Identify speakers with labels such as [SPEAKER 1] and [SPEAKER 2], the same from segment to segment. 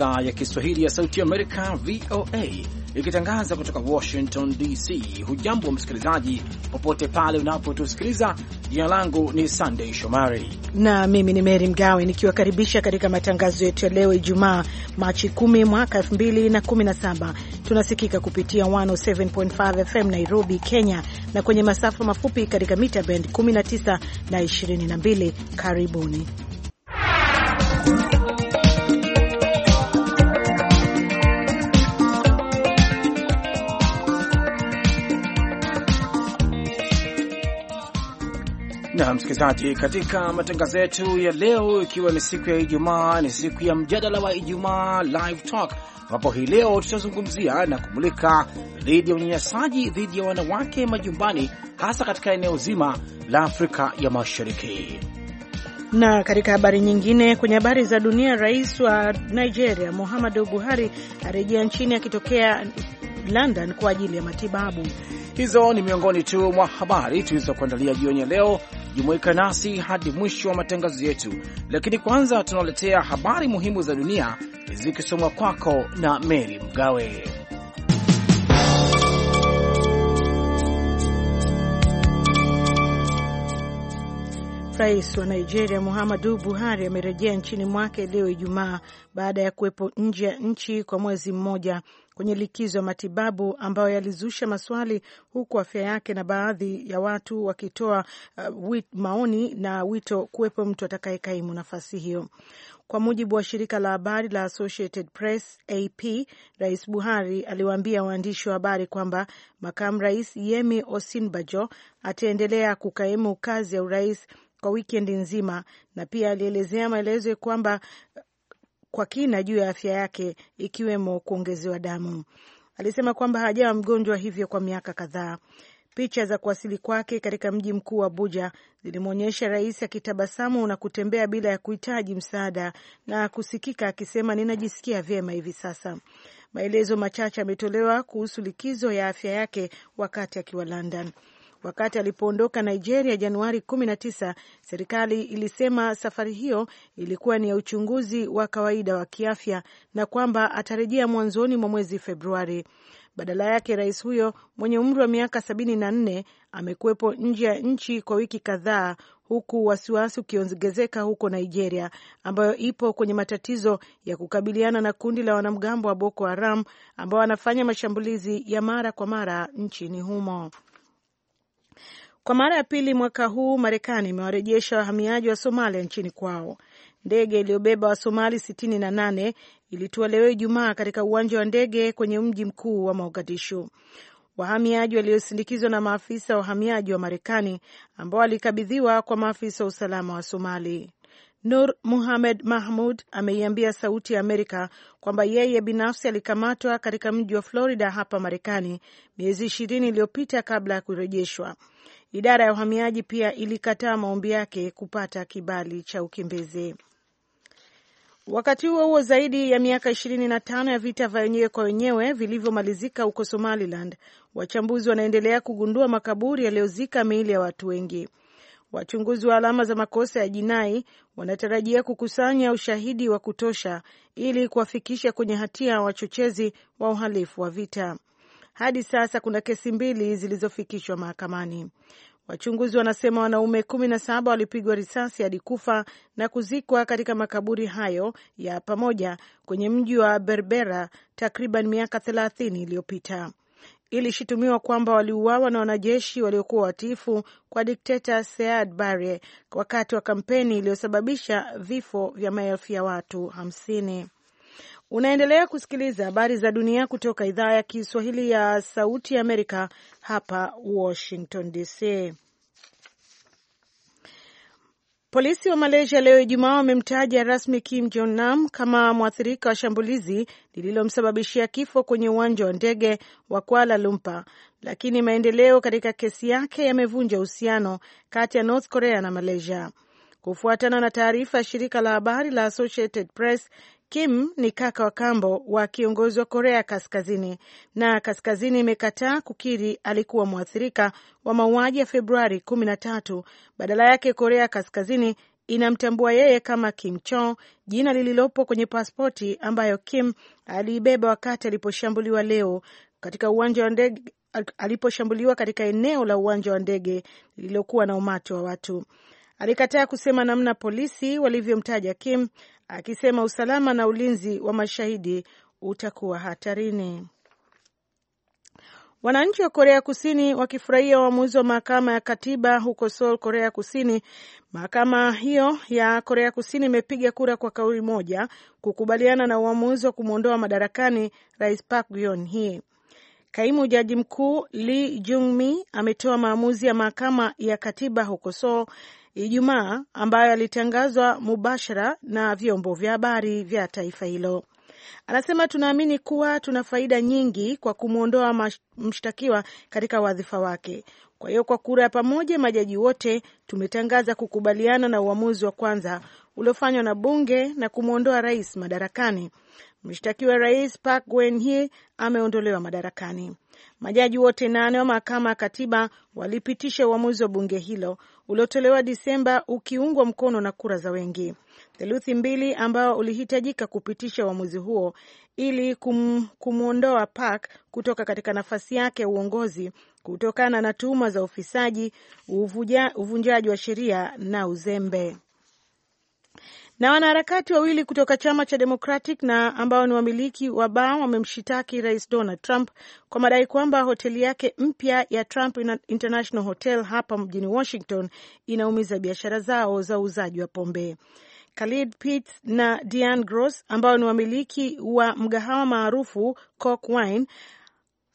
[SPEAKER 1] idhaa ya Kiswahili ya Sauti Amerika, VOA, ikitangaza kutoka Washington DC. Hujambo wa msikilizaji, popote pale unapotusikiliza. Jina langu ni Sandey Shomari
[SPEAKER 2] na mimi ni Mary Mgawe nikiwakaribisha katika matangazo yetu ya leo Ijumaa, Machi 10 mwaka 2017. Tunasikika kupitia 107.5 FM Nairobi, Kenya, na kwenye masafa mafupi katika mita bend 19 na 22. Karibuni
[SPEAKER 1] na msikilizaji, katika matangazo yetu ya leo, ikiwa ni siku ya Ijumaa, ni siku ya mjadala wa Ijumaa live talk, ambapo hii leo tutazungumzia na kumulika dhidi ya unyanyasaji dhidi ya wanawake majumbani, hasa katika eneo zima la Afrika ya Mashariki.
[SPEAKER 2] Na katika habari nyingine, kwenye habari za dunia, rais wa Nigeria Muhammadu Buhari arejea nchini akitokea London kwa ajili ya matibabu.
[SPEAKER 1] Hizo ni miongoni tu mwa habari tulizokuandalia jioni ya leo. Jumuika nasi hadi mwisho wa matangazo yetu, lakini kwanza tunaletea habari muhimu za dunia zikisomwa kwako na Meri Mgawe.
[SPEAKER 2] Rais wa Nigeria Muhammadu Buhari amerejea nchini mwake leo Ijumaa baada ya kuwepo nje ya nchi kwa mwezi mmoja kwenye likizo ya matibabu ambayo yalizusha maswali huku afya yake na baadhi ya watu wakitoa uh, maoni na wito kuwepo mtu atakayekaimu nafasi hiyo. Kwa mujibu wa shirika la habari la Associated Press AP, Rais Buhari aliwaambia waandishi wa habari kwamba makamu rais Yemi Osinbajo ataendelea kukaimu kazi ya urais kwa wikendi nzima, na pia alielezea maelezo kwamba kwa kina juu ya afya yake ikiwemo kuongezewa damu. Alisema kwamba hajawa mgonjwa hivyo kwa miaka kadhaa. Picha za kuwasili kwake katika mji mkuu wa Abuja zilimwonyesha rais akitabasamu na kutembea bila ya kuhitaji msaada na kusikika akisema, ninajisikia vyema hivi sasa. Maelezo machache ametolewa kuhusu likizo ya afya yake wakati akiwa London. Wakati alipoondoka Nigeria Januari 19, serikali ilisema safari hiyo ilikuwa ni ya uchunguzi wa kawaida wa kiafya na kwamba atarejea mwanzoni mwa mwezi Februari. Badala yake rais huyo mwenye umri wa miaka 74 amekuwepo nje ya nchi kwa wiki kadhaa, huku wasiwasi ukiongezeka huko Nigeria ambayo ipo kwenye matatizo ya kukabiliana na kundi la wanamgambo wa Boko Haram ambao wanafanya mashambulizi ya mara kwa mara nchini humo. Kwa mara ya pili mwaka huu Marekani imewarejesha wahamiaji wa Somalia nchini kwao. Ndege iliyobeba Wasomali 68 ilitua leo Ijumaa katika uwanja wa ndege kwenye mji mkuu wa Mogadishu. Wahamiaji waliosindikizwa na maafisa wa uhamiaji wa Marekani ambao walikabidhiwa kwa maafisa wa usalama wa Somali. Nur Muhamed Mahmud ameiambia Sauti ya Amerika kwamba yeye binafsi alikamatwa katika mji wa Florida hapa Marekani miezi ishirini iliyopita kabla ya kurejeshwa Idara ya uhamiaji pia ilikataa maombi yake kupata kibali cha ukimbizi. Wakati huo huo, zaidi ya miaka 25 ya vita vya wenyewe kwa wenyewe vilivyomalizika huko Somaliland, wachambuzi wanaendelea kugundua makaburi yaliyozika miili ya watu wengi. Wachunguzi wa alama za makosa ya jinai wanatarajia kukusanya ushahidi wa kutosha ili kuwafikisha kwenye hatia wachochezi wa uhalifu wa vita hadi sasa kuna kesi mbili zilizofikishwa mahakamani. Wachunguzi wanasema wanaume kumi na saba walipigwa risasi hadi kufa na kuzikwa katika makaburi hayo ya pamoja kwenye mji wa Berbera takriban miaka thelathini iliyopita. Ilishutumiwa kwamba waliuawa na wanajeshi waliokuwa watiifu kwa dikteta sead Barre wakati wa kampeni iliyosababisha vifo vya maelfu ya watu hamsini. Unaendelea kusikiliza habari za dunia kutoka idhaa ya Kiswahili ya Sauti Amerika hapa Washington DC. Polisi wa Malaysia leo Ijumaa wamemtaja rasmi Kim Jong Nam kama mwathirika wa shambulizi lililomsababishia kifo kwenye uwanja wa ndege wa Kuala Lumpur, lakini maendeleo katika kesi yake yamevunja uhusiano kati ya North Korea na Malaysia. Kufuatana na taarifa ya shirika la habari la Associated Press, Kim ni kaka wa kambo wa kiongozi wa Korea Kaskazini, na Kaskazini imekataa kukiri alikuwa mwathirika wa mauaji ya Februari 13. Badala yake, Korea Kaskazini inamtambua yeye kama Kim cho jina lililopo kwenye paspoti ambayo Kim aliibeba wakati aliposhambuliwa leo katika uwanja wa ndege aliposhambuliwa katika eneo la uwanja wa ndege lililokuwa na umati wa watu. Alikataa kusema namna polisi walivyomtaja Kim akisema usalama na ulinzi wa mashahidi utakuwa hatarini. Wananchi wa Korea Kusini wakifurahia uamuzi wa mahakama ya katiba huko Seoul, Korea Kusini. Mahakama hiyo ya Korea Kusini imepiga kura kwa kauli moja kukubaliana na uamuzi wa kumwondoa madarakani Rais Park Geun-hye. Kaimu jaji mkuu Lee Jung-mi ametoa maamuzi ya mahakama ya katiba huko Seoul Ijumaa ambayo yalitangazwa mubashara na vyombo vya habari vya taifa hilo. Anasema tunaamini kuwa tuna faida nyingi kwa kumwondoa mshtakiwa katika wadhifa wake. Kwa hiyo kwa kura ya pamoja, majaji wote tumetangaza kukubaliana na uamuzi wa kwanza uliofanywa na bunge na kumwondoa rais madarakani. Mshtakiwa rais Park Geun-hye ameondolewa madarakani. Majaji wote nane wa mahakama ya katiba walipitisha uamuzi wa bunge hilo uliotolewa Disemba ukiungwa mkono na kura za wengi theluthi mbili, ambao ulihitajika kupitisha uamuzi huo ili kum, kumwondoa Park kutoka katika nafasi yake ya uongozi kutokana na tuhuma za ufisaji, uvunjaji wa sheria na uzembe. Na wanaharakati wawili kutoka chama cha Democratic na ambao ni wamiliki wa baa wamemshitaki Rais Donald Trump kwa madai kwamba hoteli yake mpya ya Trump International Hotel hapa mjini Washington inaumiza biashara zao za uuzaji wa pombe. Khalid Pitts na Diane Gross ambao ni wamiliki wa mgahawa maarufu Cork Wine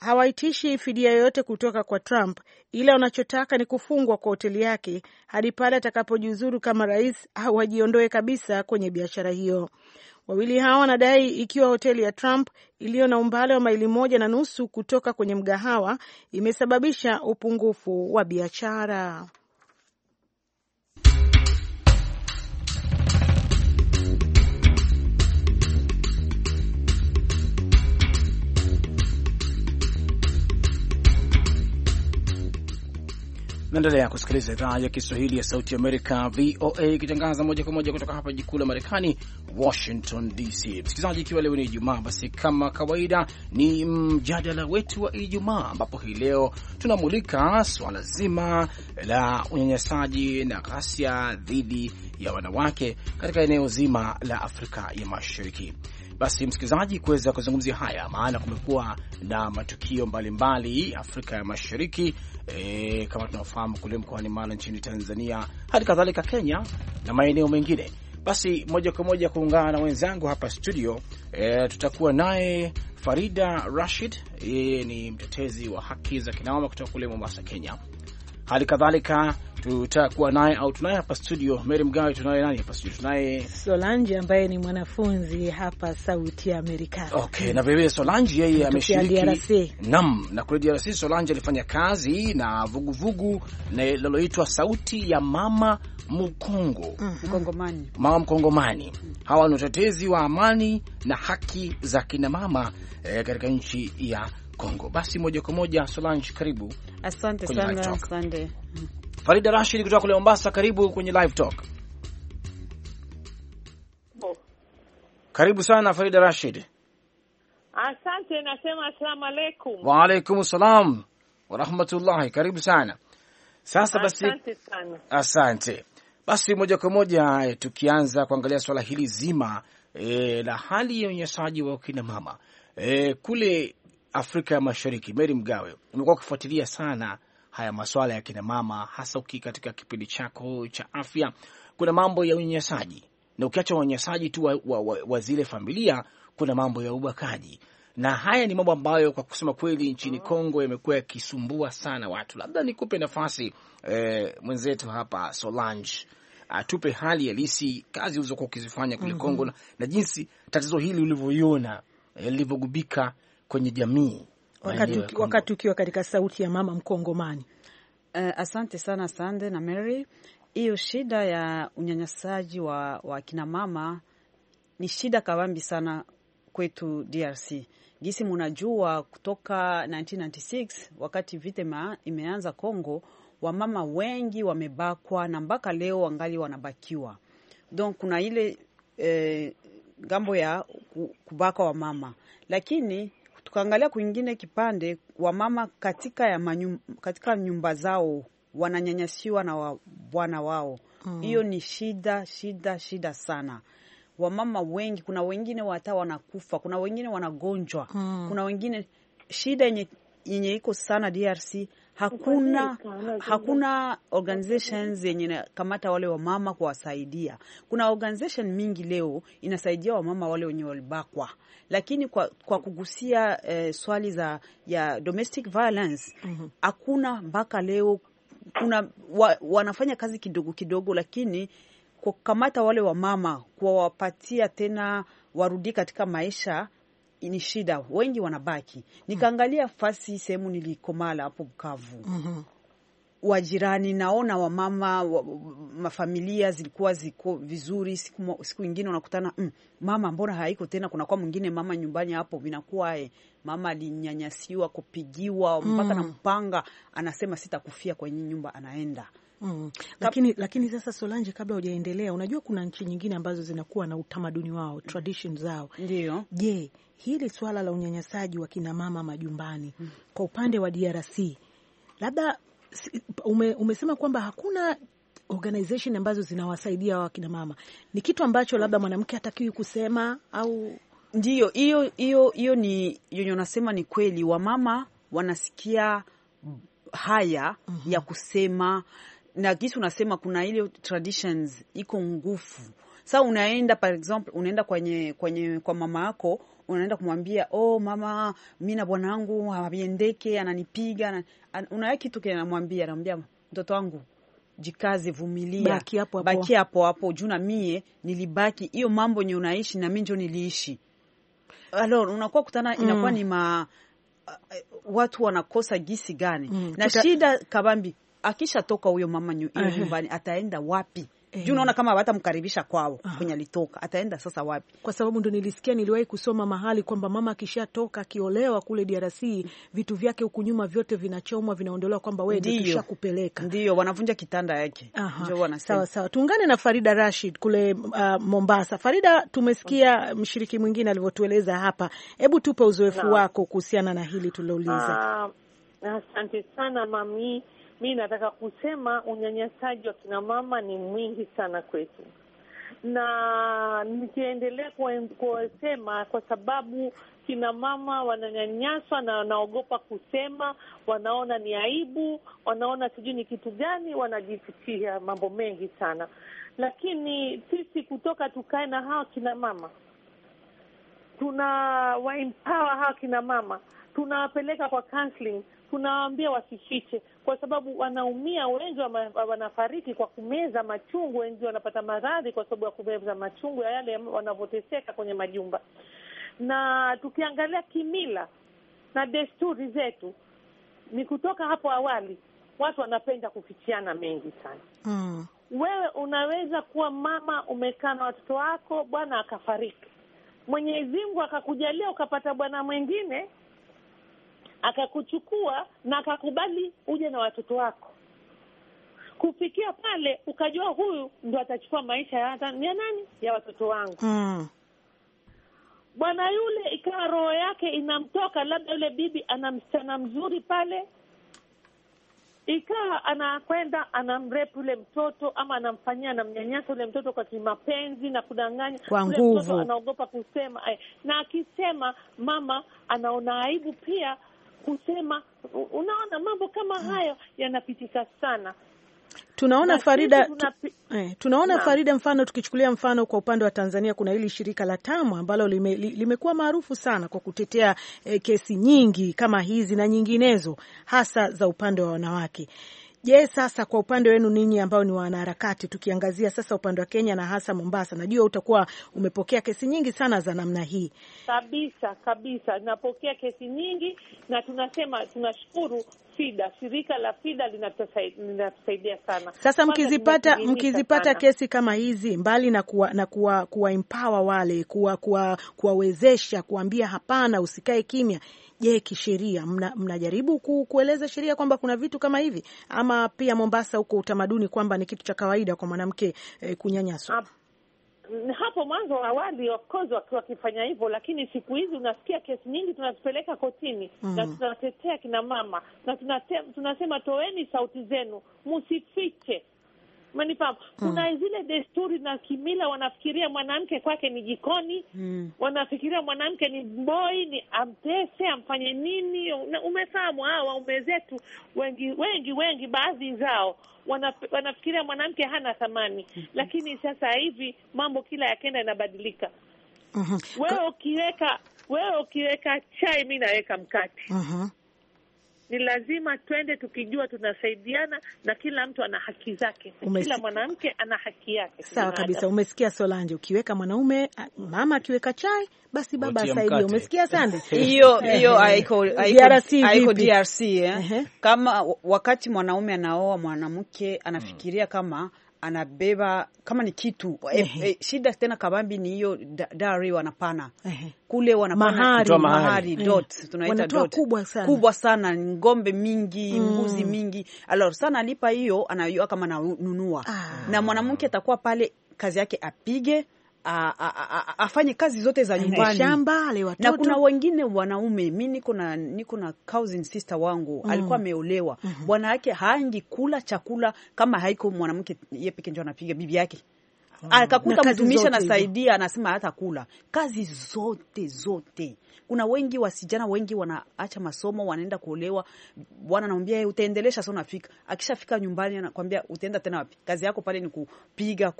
[SPEAKER 2] hawaitishi fidia yoyote kutoka kwa Trump, ila wanachotaka ni kufungwa kwa hoteli yake hadi pale atakapojiuzuru kama rais au ajiondoe kabisa kwenye biashara hiyo. Wawili hawa wanadai ikiwa hoteli ya Trump iliyo na umbali wa maili moja na nusu kutoka kwenye mgahawa imesababisha upungufu wa biashara.
[SPEAKER 1] Naendelea kusikiliza idhaa ya Kiswahili ya Sauti Amerika, VOA, ikitangaza moja kwa moja kutoka hapa jikuu la Marekani, Washington DC. Msikilizaji, ikiwa leo ni Ijumaa, basi kama kawaida ni mjadala wetu wa Ijumaa, ambapo hii leo tunamulika swala zima la unyanyasaji na ghasia dhidi ya wanawake katika eneo zima la Afrika ya Mashariki. Basi msikilizaji, kuweza kuzungumzia haya, maana kumekuwa na matukio mbalimbali mbali, Afrika ya Mashariki e, kama tunaofahamu kule mkoani Mara nchini Tanzania, hali kadhalika Kenya na maeneo mengine. Basi moja kwa moja kuungana na wenzangu hapa studio e, tutakuwa naye Farida Rashid, yeye ni mtetezi wa haki za kinamama kutoka kule Mombasa, Kenya. Hali kadhalika tutakuwa naye au tunaye hapa studio Mary Mgawe. Tunaye nani hapa studio? Tunaye
[SPEAKER 2] Solange ambaye ni mwanafunzi hapa Sauti ya Amerika. Okay,
[SPEAKER 1] na vilevile Solange yeye ameshiriki nam na kule DRC. Solange alifanya kazi na vuguvugu linaloitwa Sauti ya Mama Mkongo, Mkongomani. mm
[SPEAKER 3] -hmm. Mkongomani,
[SPEAKER 1] mama Mkongomani. Hawa ni watetezi wa amani na haki za kinamama eh, katika nchi ya Kongo. Basi moja kwa moja, Solange, karibu.
[SPEAKER 3] Asante sana, asante
[SPEAKER 1] Farida Rashid kutoka kule Mombasa, karibu kwenye live talk. Oh. Karibu sana Farida Rashid.
[SPEAKER 4] Asante, nasema asalamu alaykum.
[SPEAKER 1] Wa alaykum salam wa rahmatullahi, karibu sana. Sasa basi, asante sana. Asante. Basi moja kwa moja eh, tukianza kuangalia swala hili zima e, la hali ya unyanyasaji wa kina mama e, kule Afrika ya Mashariki, Meri Mgawe, umekuwa ukifuatilia sana haya maswala ya kinamama, hasa uki katika kipindi chako cha afya, kuna mambo ya unyanyasaji na ukiacha unyanyasaji tu wa, wa, wa, wa zile familia, kuna mambo ya ubakaji na haya ni mambo ambayo kwa kusema kweli nchini Kongo yamekuwa yakisumbua sana watu. Labda nikupe nafasi eh, mwenzetu hapa Solange atupe hali halisi, kazi ulizokuwa ukizifanya kule Kongo mm -hmm. na jinsi tatizo hili ulivyoiona eh, lilivyogubika kwenye jamii
[SPEAKER 3] wakati ukiwa katika sauti ya mama Mkongomani. Uh, asante sana Sande na Mary. Hiyo shida ya unyanyasaji wa, wa kinamama ni shida kawambi sana kwetu DRC. Gisi munajua kutoka 1996 wakati vita imeanza Congo, wamama wengi wamebakwa na mpaka leo wangali wanabakiwa. don kuna ile eh, ngambo ya kubaka wamama, lakini tukaangalia kwingine kipande, wamama katika, ya manyum, katika nyumba zao wananyanyasiwa na wa, bwana wao hiyo mm. Ni shida shida shida sana. Wamama wengi, kuna wengine hata wanakufa, kuna wengine wanagonjwa mm. Kuna wengine shida yenye iko sana DRC hakuna
[SPEAKER 5] hakuna
[SPEAKER 3] organizations yenye nakamata wale wamama kuwasaidia. Kuna organization mingi leo inasaidia wamama wale wenye walibakwa, lakini kwa, kwa kugusia eh, swali za ya domestic violence mhm. hakuna mm -hmm. Mpaka leo kuna wa, wanafanya kazi kidogo kidogo, lakini kukamata wale wamama kuwapatia tena warudi katika maisha ni shida, wengi wanabaki. Hmm. Nikaangalia fasi sehemu nilikomala hapo Bukavu mm -hmm. Wajirani naona wamama wa, mafamilia zilikuwa ziko vizuri. Siku, siku ingine unakutana mm, mama mbona haiko tena, kunakuwa mwingine mama nyumbani hapo, vinakuwae eh, mama alinyanyasiwa kupigiwa mpaka mm, na mpanga, anasema sitakufia kwenye nyumba, anaenda
[SPEAKER 2] Mm. Lakini, lakini sasa Solange, kabla hujaendelea, unajua kuna nchi nyingine ambazo zinakuwa na utamaduni wao tradition zao. Ndio. Je, hili swala la unyanyasaji wa kina mama majumbani mm. kwa upande wa DRC labda ume, umesema kwamba hakuna organization ambazo zinawasaidia kina
[SPEAKER 3] mama, ni kitu ambacho labda mwanamke hatakiwi kusema au? Ndio, hiyo hiyo hiyo ni yenye unasema ni kweli, wamama wanasikia haya mm -hmm. ya kusema na kisi unasema kuna ile traditions iko ngufu. Sasa unaenda for example, unaenda kwenye kwenye kwa mama yako, unaenda kumwambia oh, mama, mimi na bwana wangu haviendeke, ananipiga an, an, unaweka kitu kile, anamwambia anamwambia mtoto wangu Jikaze, vumilia, baki hapo hapo, baki hapo hapo juu na mie nilibaki hiyo mambo nye unaishi na mimi njo niliishi. Alors unakuwa kutana, mm. inakuwa ni ma watu wanakosa gisi gani mm. na Tuta... shida kabambi akishatoka huyo mama nyumbani ataenda wapi? Juu unaona kama watamkaribisha kwao kwenye alitoka, ataenda sasa wapi? Kwa sababu ndo nilisikia, niliwahi kusoma mahali kwamba mama
[SPEAKER 2] akishatoka akiolewa kule DRC vitu vyake huku nyuma vyote vinachomwa, vinaondolewa, kwamba wewe ndio tushakupeleka,
[SPEAKER 3] ndio wanavunja kitanda yake. Ndio wanasema sawa sawa.
[SPEAKER 2] Tuungane na Farida Rashid kule uh, Mombasa. Farida, tumesikia mshiriki mwingine alivyotueleza hapa, hebu tupe uzoefu no. wako kuhusiana na hili tulilouliza. Ah,
[SPEAKER 4] asante uh, sana mami mi nataka kusema unyanyasaji wa kinamama ni mwingi sana kwetu, na nikiendelea kusema kwa sababu kina mama wananyanyaswa na wanaogopa kusema, wanaona ni aibu, wanaona sijui ni kitu gani, wanajifichia mambo mengi sana. Lakini sisi kutoka tukae na hawa kina mama, tuna waempower hawa kina mama, tunawapeleka kwa counseling, tunawaambia wasifiche, kwa sababu wanaumia, wengi wanafariki kwa kumeza machungu, wengi wanapata maradhi kwa sababu ya kumeza machungu ya yale wanavyoteseka kwenye majumba. Na tukiangalia kimila na desturi zetu ni kutoka hapo awali, watu wanapenda kufichiana mengi sana mm. Wewe unaweza kuwa mama, umekaa na watoto wako, bwana akafariki, Mwenyezi Mungu akakujalia ukapata bwana mwingine akakuchukua na akakubali uje na watoto wako kufikia pale ukajua huyu ndo atachukua maisha ya nani ya watoto wangu. Mm. Bwana yule ikawa roho yake inamtoka, labda yule bibi ana msichana mzuri pale, ikawa anakwenda anamrepu yule mtoto ama anamfanyia, anamnyanyasa yule mtoto kwa kimapenzi na kudanganya kwa nguvu. anaogopa kusema, eh, na akisema mama anaona aibu pia kusema. Unaona, mambo kama mm. hayo yanapitika sana.
[SPEAKER 2] Tunaona Farida tunapi... eh, tunaona na Farida, mfano tukichukulia mfano kwa upande wa Tanzania, kuna hili shirika la TAMU ambalo lime, limekuwa maarufu sana kwa kutetea eh, kesi nyingi kama hizi na nyinginezo hasa za upande wa wanawake. Je, sasa kwa upande wenu ninyi ambao ni wanaharakati, tukiangazia sasa upande wa Kenya na hasa Mombasa, najua utakuwa umepokea kesi nyingi sana za namna hii.
[SPEAKER 4] Kabisa kabisa, napokea kesi nyingi na tunasema tunashukuru FIDA, shirika la FIDA linatusaidia sana. Sasa mkizipata mkizipata kesi
[SPEAKER 2] kama hizi, mbali na kuwa na kuwa, kuwa empower wale kuwa kuwawezesha kuambia hapana, usikae kimya. Je, kisheria mnajaribu mna kueleza sheria kwamba kuna vitu kama hivi, ama pia Mombasa huko utamaduni kwamba ni kitu cha kawaida kwa mwanamke eh, kunyanyaswa?
[SPEAKER 4] hapo mwanzo awali, of course, wakiwa wakifanya hivyo, lakini siku hizi unasikia kesi nyingi tunazipeleka kotini mm. na tunatetea kina mama na tunasema, tunasema toeni sauti zenu, msifiche Umenifahamu? Kuna hmm. zile desturi na kimila, wanafikiria mwanamke kwake ni jikoni mm. wanafikiria mwanamke ni mboi, ni amtese, amfanye nini. Umefahamu? hawa waume zetu wengi wengi wengi, baadhi zao wanaf, wanafikiria mwanamke hana thamani mm -hmm. Lakini sasa hivi mambo kila yakenda inabadilika.
[SPEAKER 3] mm uh-huh.
[SPEAKER 2] -hmm. wewe
[SPEAKER 4] ukiweka wewe ukiweka chai, mi naweka mkate. mm -hmm ni lazima twende tukijua tunasaidiana na kila mtu ana haki zake. Umesiki... kila mwanamke ana haki yake. Sawa kabisa,
[SPEAKER 2] umesikia Solange, ukiweka mwanaume mama akiweka chai basi baba asaidie. Umesikia Sande,
[SPEAKER 4] hiyo eh, hiyo eh, haiko eh. haiko DRC eh?
[SPEAKER 3] Kama wakati mwanaume anaoa mwanamke anafikiria kama anabeba kama ni kitu e, e, shida tena kabambi ni hiyo dari wanapana kule wanapana mahari, mahari. Dot, tunaita dot kubwa sana, kubwa sana ngombe mingi mm, mbuzi mingi alor sana alipa hiyo anayua kama nanunua ah, na mwanamke atakuwa pale kazi yake apige afanye kazi zote za nyumbani, shamba
[SPEAKER 2] le watoto. Na kuna wengine
[SPEAKER 3] wanaume, mi niko na niko na cousin sister wangu mm. alikuwa ameolewa mm -hmm. bwana yake haangi kula chakula kama haiko mwanamke yeye peke ndio anapiga bibi yake mm. akakuta mtumishi anasaidia, anasema hata kula kazi zote zote kuna wengi wasijana wengi wanaacha masomo wanaenda kuolewa. Bwana anamwambia yeye utaendelesha sana, unafika. Akishafika nyumbani anakwambia utaenda tena wapi? Kazi yako pale ni kupiga,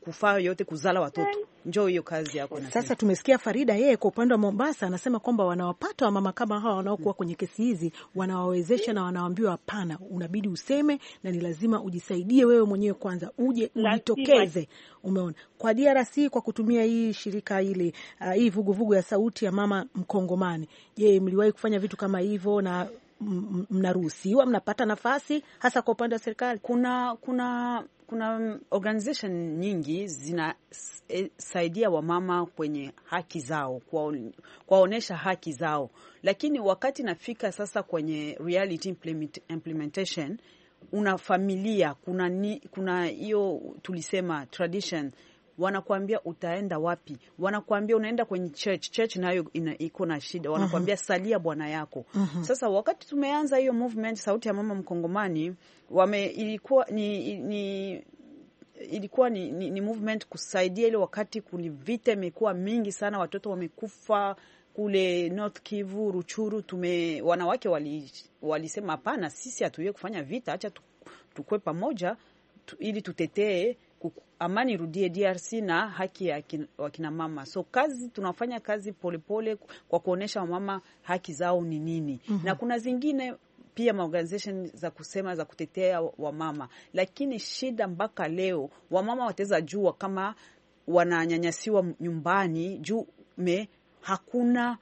[SPEAKER 3] kufaa yote, kuzala watoto njo hiyo kazi yako. Sasa
[SPEAKER 2] tumesikia Farida, yeye kwa upande wa Mombasa anasema kwamba wanawapata wamama kama hawa wanaokuwa mm. kwenye kesi hizi, wanawawezesha na wanawaambiwa hapana, unabidi useme na ni lazima ujisaidie wewe mwenyewe kwanza, uje ujitokeze. Umeona kwa DRC kwa kutumia hii shirika hili uh, hii vuguvugu ya sauti ya mama Mkongomani. Je, mliwahi kufanya vitu kama hivyo na mnaruhusiwa mnapata nafasi
[SPEAKER 3] hasa kwa upande wa serikali? Kuna kuna kuna organization nyingi zinasaidia wamama kwenye haki zao, kuwaonyesha haki zao, lakini wakati nafika sasa kwenye reality implementation una familia kuna hiyo tulisema tradition wanakuambia utaenda wapi, wanakuambia unaenda kwenye church. Church nayo iko na shida, wanakuambia uh-huh. salia bwana yako. Uh-huh. Sasa wakati tumeanza hiyo movement sauti ya mama mkongomani wame ilikuwa ni, ni ilikuwa ni, ni, ni movement kusaidia ile wakati kuni vita imekuwa mingi sana, watoto wamekufa kule North Kivu, Ruchuru, tume wanawake walisema wali hapana, sisi hatuwe kufanya vita, acha tukue pamoja tu, ili tutetee amani rudie DRC na haki ya mama. So kazi tunafanya kazi polepole pole kwa kuonesha wamama haki zao ni nini. mm -hmm. na kuna zingine pia maorganization za kusema za kutetea wamama, lakini shida mpaka leo wamama wataweza jua kama wananyanyasiwa nyumbani juu me hakuna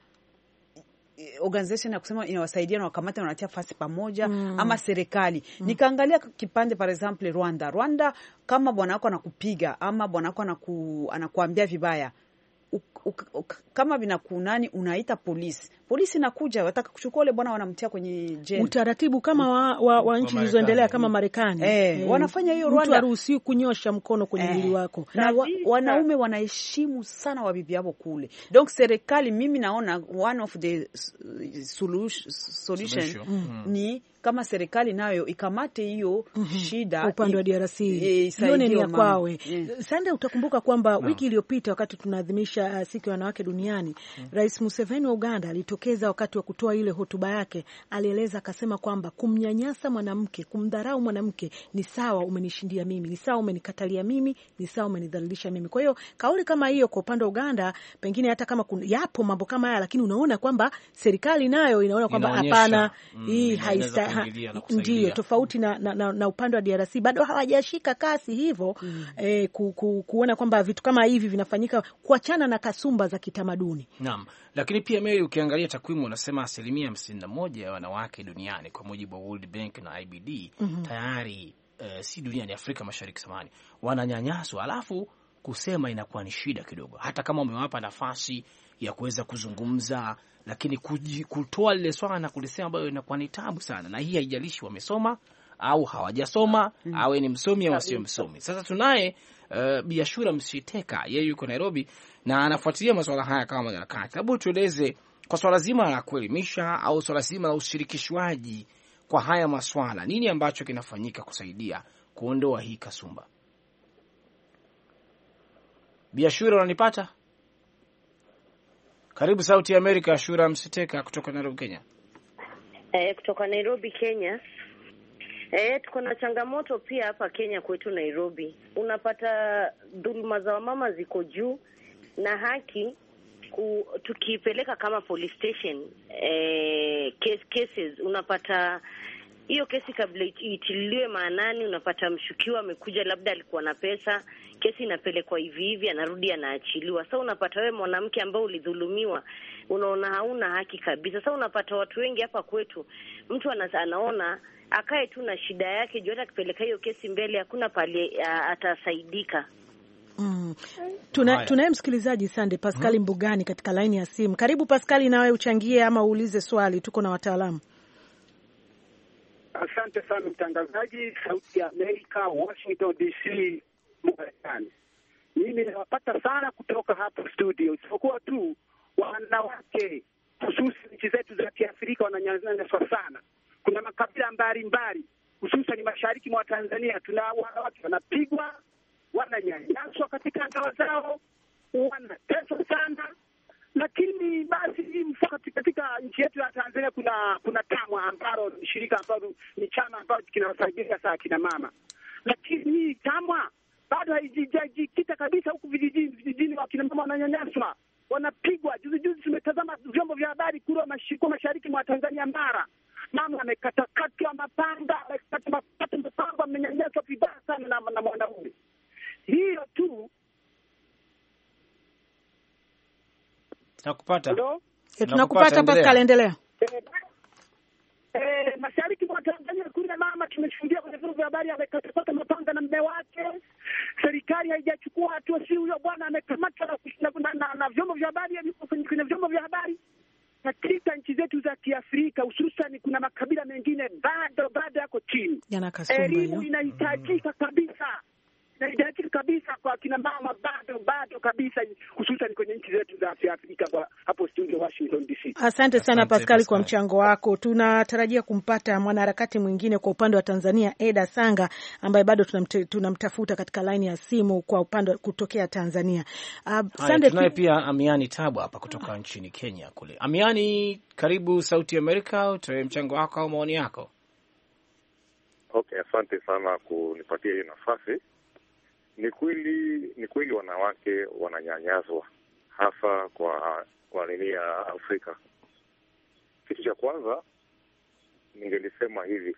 [SPEAKER 3] Eh, organization ya kusema inawasaidia na wakamata na wanatia fasi pamoja mm. ama serikali mm. Nikaangalia kipande for example Rwanda. Rwanda, kama bwana wako anakupiga ama bwana wako anaku, anakuambia vibaya kama vinakunani unaita polisi, polisi inakuja, wataka kuchukua ule bwana, wanamtia kwenye jela.
[SPEAKER 2] Utaratibu kama wa, wa, wa nchi zilizoendelea kama Marekani e, e, wanafanya hiyo. Rwanda haruhusiwi kunyosha mkono kwenye eh. mwili e, wako na wa,
[SPEAKER 3] wanaume wanaheshimu sana wabibi yao kule. Donc serikali, mimi naona one of the solution, solution. Mm. ni hmm kama serikali nayo ikamate hiyo mm -hmm. shida upande wa DRC
[SPEAKER 2] ya kwawe yeah. Mm. Sanda, utakumbuka kwamba no. wiki iliyopita wakati tunaadhimisha uh, siku ya wanawake duniani mm -hmm. Rais Museveni wa Uganda alitokeza wakati wa kutoa ile hotuba yake, alieleza akasema kwamba kumnyanyasa mwanamke, kumdharau mwanamke ni sawa, umenishindia mimi, ni sawa, umenikatalia mimi, ni sawa, umenidhalilisha mimi. Kwa hiyo kauli kama hiyo kwa upande wa Uganda, pengine hata kama kun... yapo mambo kama haya, lakini unaona kwamba serikali nayo inaona kwamba hapana, mm, hii haista ndio tofauti na, na, na, na upande wa DRC bado hawajashika kasi hivyo mm. eh, ku, ku, kuona kwamba vitu kama hivi vinafanyika kuachana na kasumba za kitamaduni.
[SPEAKER 1] Naam, lakini pia Mary, ukiangalia takwimu unasema asilimia hamsini na moja ya wanawake duniani kwa mujibu wa World Bank na IBD mm -hmm. tayari eh, si duniani, Afrika Mashariki samani wananyanyaswa, alafu kusema inakuwa ni shida kidogo, hata kama umewapa nafasi ya kuweza kuzungumza, lakini kutoa lile swala na kulisema ambayo inakuwa ni tabu sana, na hii haijalishi wamesoma au hawajasoma hmm, awe ni msomi au sio msomi. Sasa tunaye uh, eh, Biashura Msiteka, yeye yuko Nairobi na anafuatilia masuala haya kama mwanaharakati. Hebu tueleze kwa swala zima la kuelimisha au swala zima la ushirikishwaji kwa haya maswala, nini ambacho kinafanyika kusaidia kuondoa hii kasumba? Biashura, unanipata? Karibu Sauti ya Amerika, Shura Msiteka kutoka Nairobi, Kenya.
[SPEAKER 6] E, kutoka Nairobi, Kenya. E, tuko na changamoto pia hapa Kenya kwetu Nairobi. Unapata dhuluma za wamama ziko juu na haki ku, tukipeleka kama police station e, eh, case, cases unapata hiyo kesi kabla itililiwe maanani, unapata mshukiwa amekuja labda alikuwa na pesa kesi inapelekwa hivi hivi, anarudi anaachiliwa. Sasa unapata wewe mwanamke ambao ulidhulumiwa, unaona hauna haki kabisa. Sasa unapata watu wengi hapa kwetu, mtu anaona akae tu na shida yake juu, hata akipeleka hiyo kesi mbele hakuna pale atasaidika.
[SPEAKER 2] Mm. Tuna, tunaye msikilizaji Sande Paskali hmm, Mbugani katika laini ya simu. Karibu Paskali, nawe uchangie ama uulize swali, tuko na wataalamu.
[SPEAKER 7] Asante sana mtangazaji, Sauti ya Amerika, Washington DC. Marekani. Mimi nawapata sana kutoka hapo studio, isipokuwa tu wanawake hususan nchi zetu za Kiafrika wananyanyaswa sana. Kuna makabila mbalimbali, hususan mashariki mwa Tanzania, tuna wanawake wanapigwa, wananyanyaswa katika ndoa zao, wanateswa sana. Lakini basi katika nchi yetu ya Tanzania kuna kuna TAMWA ambalo ni shirika ambalo ni chama ambalo kinawasaidia sana akina mama, lakini hii TAMWA bado haijajikita kabisa. Huku vijijini vijijini, wakina mama wananyanyaswa, wanapigwa. Juzi juzi tumetazama vyombo vya habari kule mashariki mwa Tanzania, Mara, mama amekatakatwa mapanga, amekata amenyanyaswa vibaya sana na, na mwanaume. Hiyo tu
[SPEAKER 1] nakupata, eh, nakupata.
[SPEAKER 7] Pascal, endelea. Eh, Eh, mashariki mwa Tanzania kule mama, tumeshuhudia kwenye vyombo vya habari amekatakata mapanga na mme wake. Serikali haijachukua hatua, si huyo bwana amekamatwa na vyombo vya habari, yaani kwenye vyombo vya habari. Katika nchi zetu za Kiafrika hususani, kuna makabila mengine bado bado yako chini, elimu inahitajika kabisa lakini kabisa kwa kina mama bado bado kabisa, hususan kwenye nchi zetu za Afrika. Kwa hapo studio Washington DC, asante sana asante, Pascal kwa
[SPEAKER 2] mchango wako. Tunatarajia kumpata mwanaharakati mwingine kwa upande wa Tanzania, Eda Sanga ambaye bado tunamtafuta tuna katika laini ya simu kwa upande kutokea Tanzania. Uh, Sande tunaye
[SPEAKER 1] pia Amiani Tabu hapa kutoka uh, nchini Kenya kule. Amiani, karibu Sauti Amerika, utoe mchango wako au maoni yako.
[SPEAKER 8] Okay, asante sana kunipatia hii nafasi. Ni kweli, ni kweli wanawake wananyanyaswa hasa kwa kwa nini ya Afrika. Kitu cha kwanza ningelisema hivi,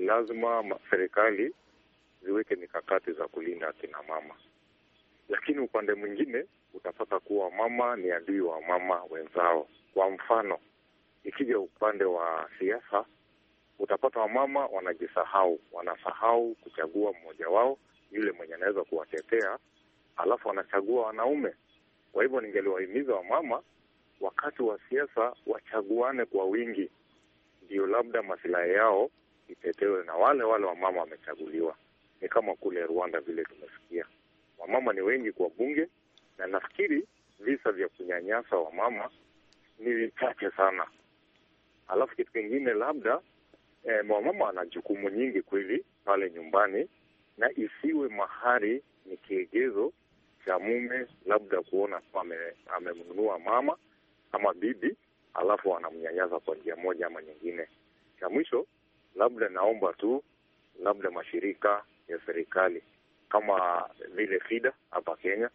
[SPEAKER 8] lazima serikali ziweke mikakati za kulinda akina mama, lakini upande mwingine utapata kuwa mama ni adui wa mama wenzao. Kwa mfano, ikija upande wa siasa, utapata wamama wanajisahau, wanasahau kuchagua mmoja wao yule mwenye anaweza kuwatetea, alafu anachagua wanaume. Kwa hivyo ningeliwahimiza wamama wakati wa siasa wachaguane kwa wingi, ndio labda masilahi yao itetewe na wale wale wamama wamechaguliwa. Ni kama kule Rwanda vile tumesikia, wamama ni wengi kwa bunge, na nafikiri visa vya kunyanyasa wamama ni vichache sana. Alafu kitu kingine labda eh, wamama wana jukumu nyingi kweli pale nyumbani na isiwe mahari ni kiegezo cha mume, labda kuona amemnunua mama ama bibi, alafu anamnyanyasa kwa njia moja ama nyingine. Cha mwisho, labda naomba tu, labda mashirika ya serikali kama vile FIDA hapa Kenya,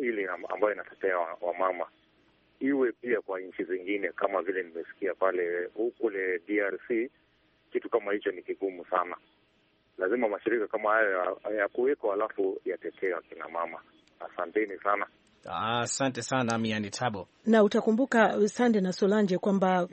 [SPEAKER 8] ili ambayo inatetea wamama, iwe pia kwa nchi zingine, kama vile nimesikia pale kule DRC, kitu kama hicho ni kigumu sana lazima mashirika kama hayo yakuwekwa, alafu yatetee akina mama.
[SPEAKER 1] Asanteni sana. Asante ah, sana Miani Tabo,
[SPEAKER 2] na utakumbuka Sande na Solanje kwamba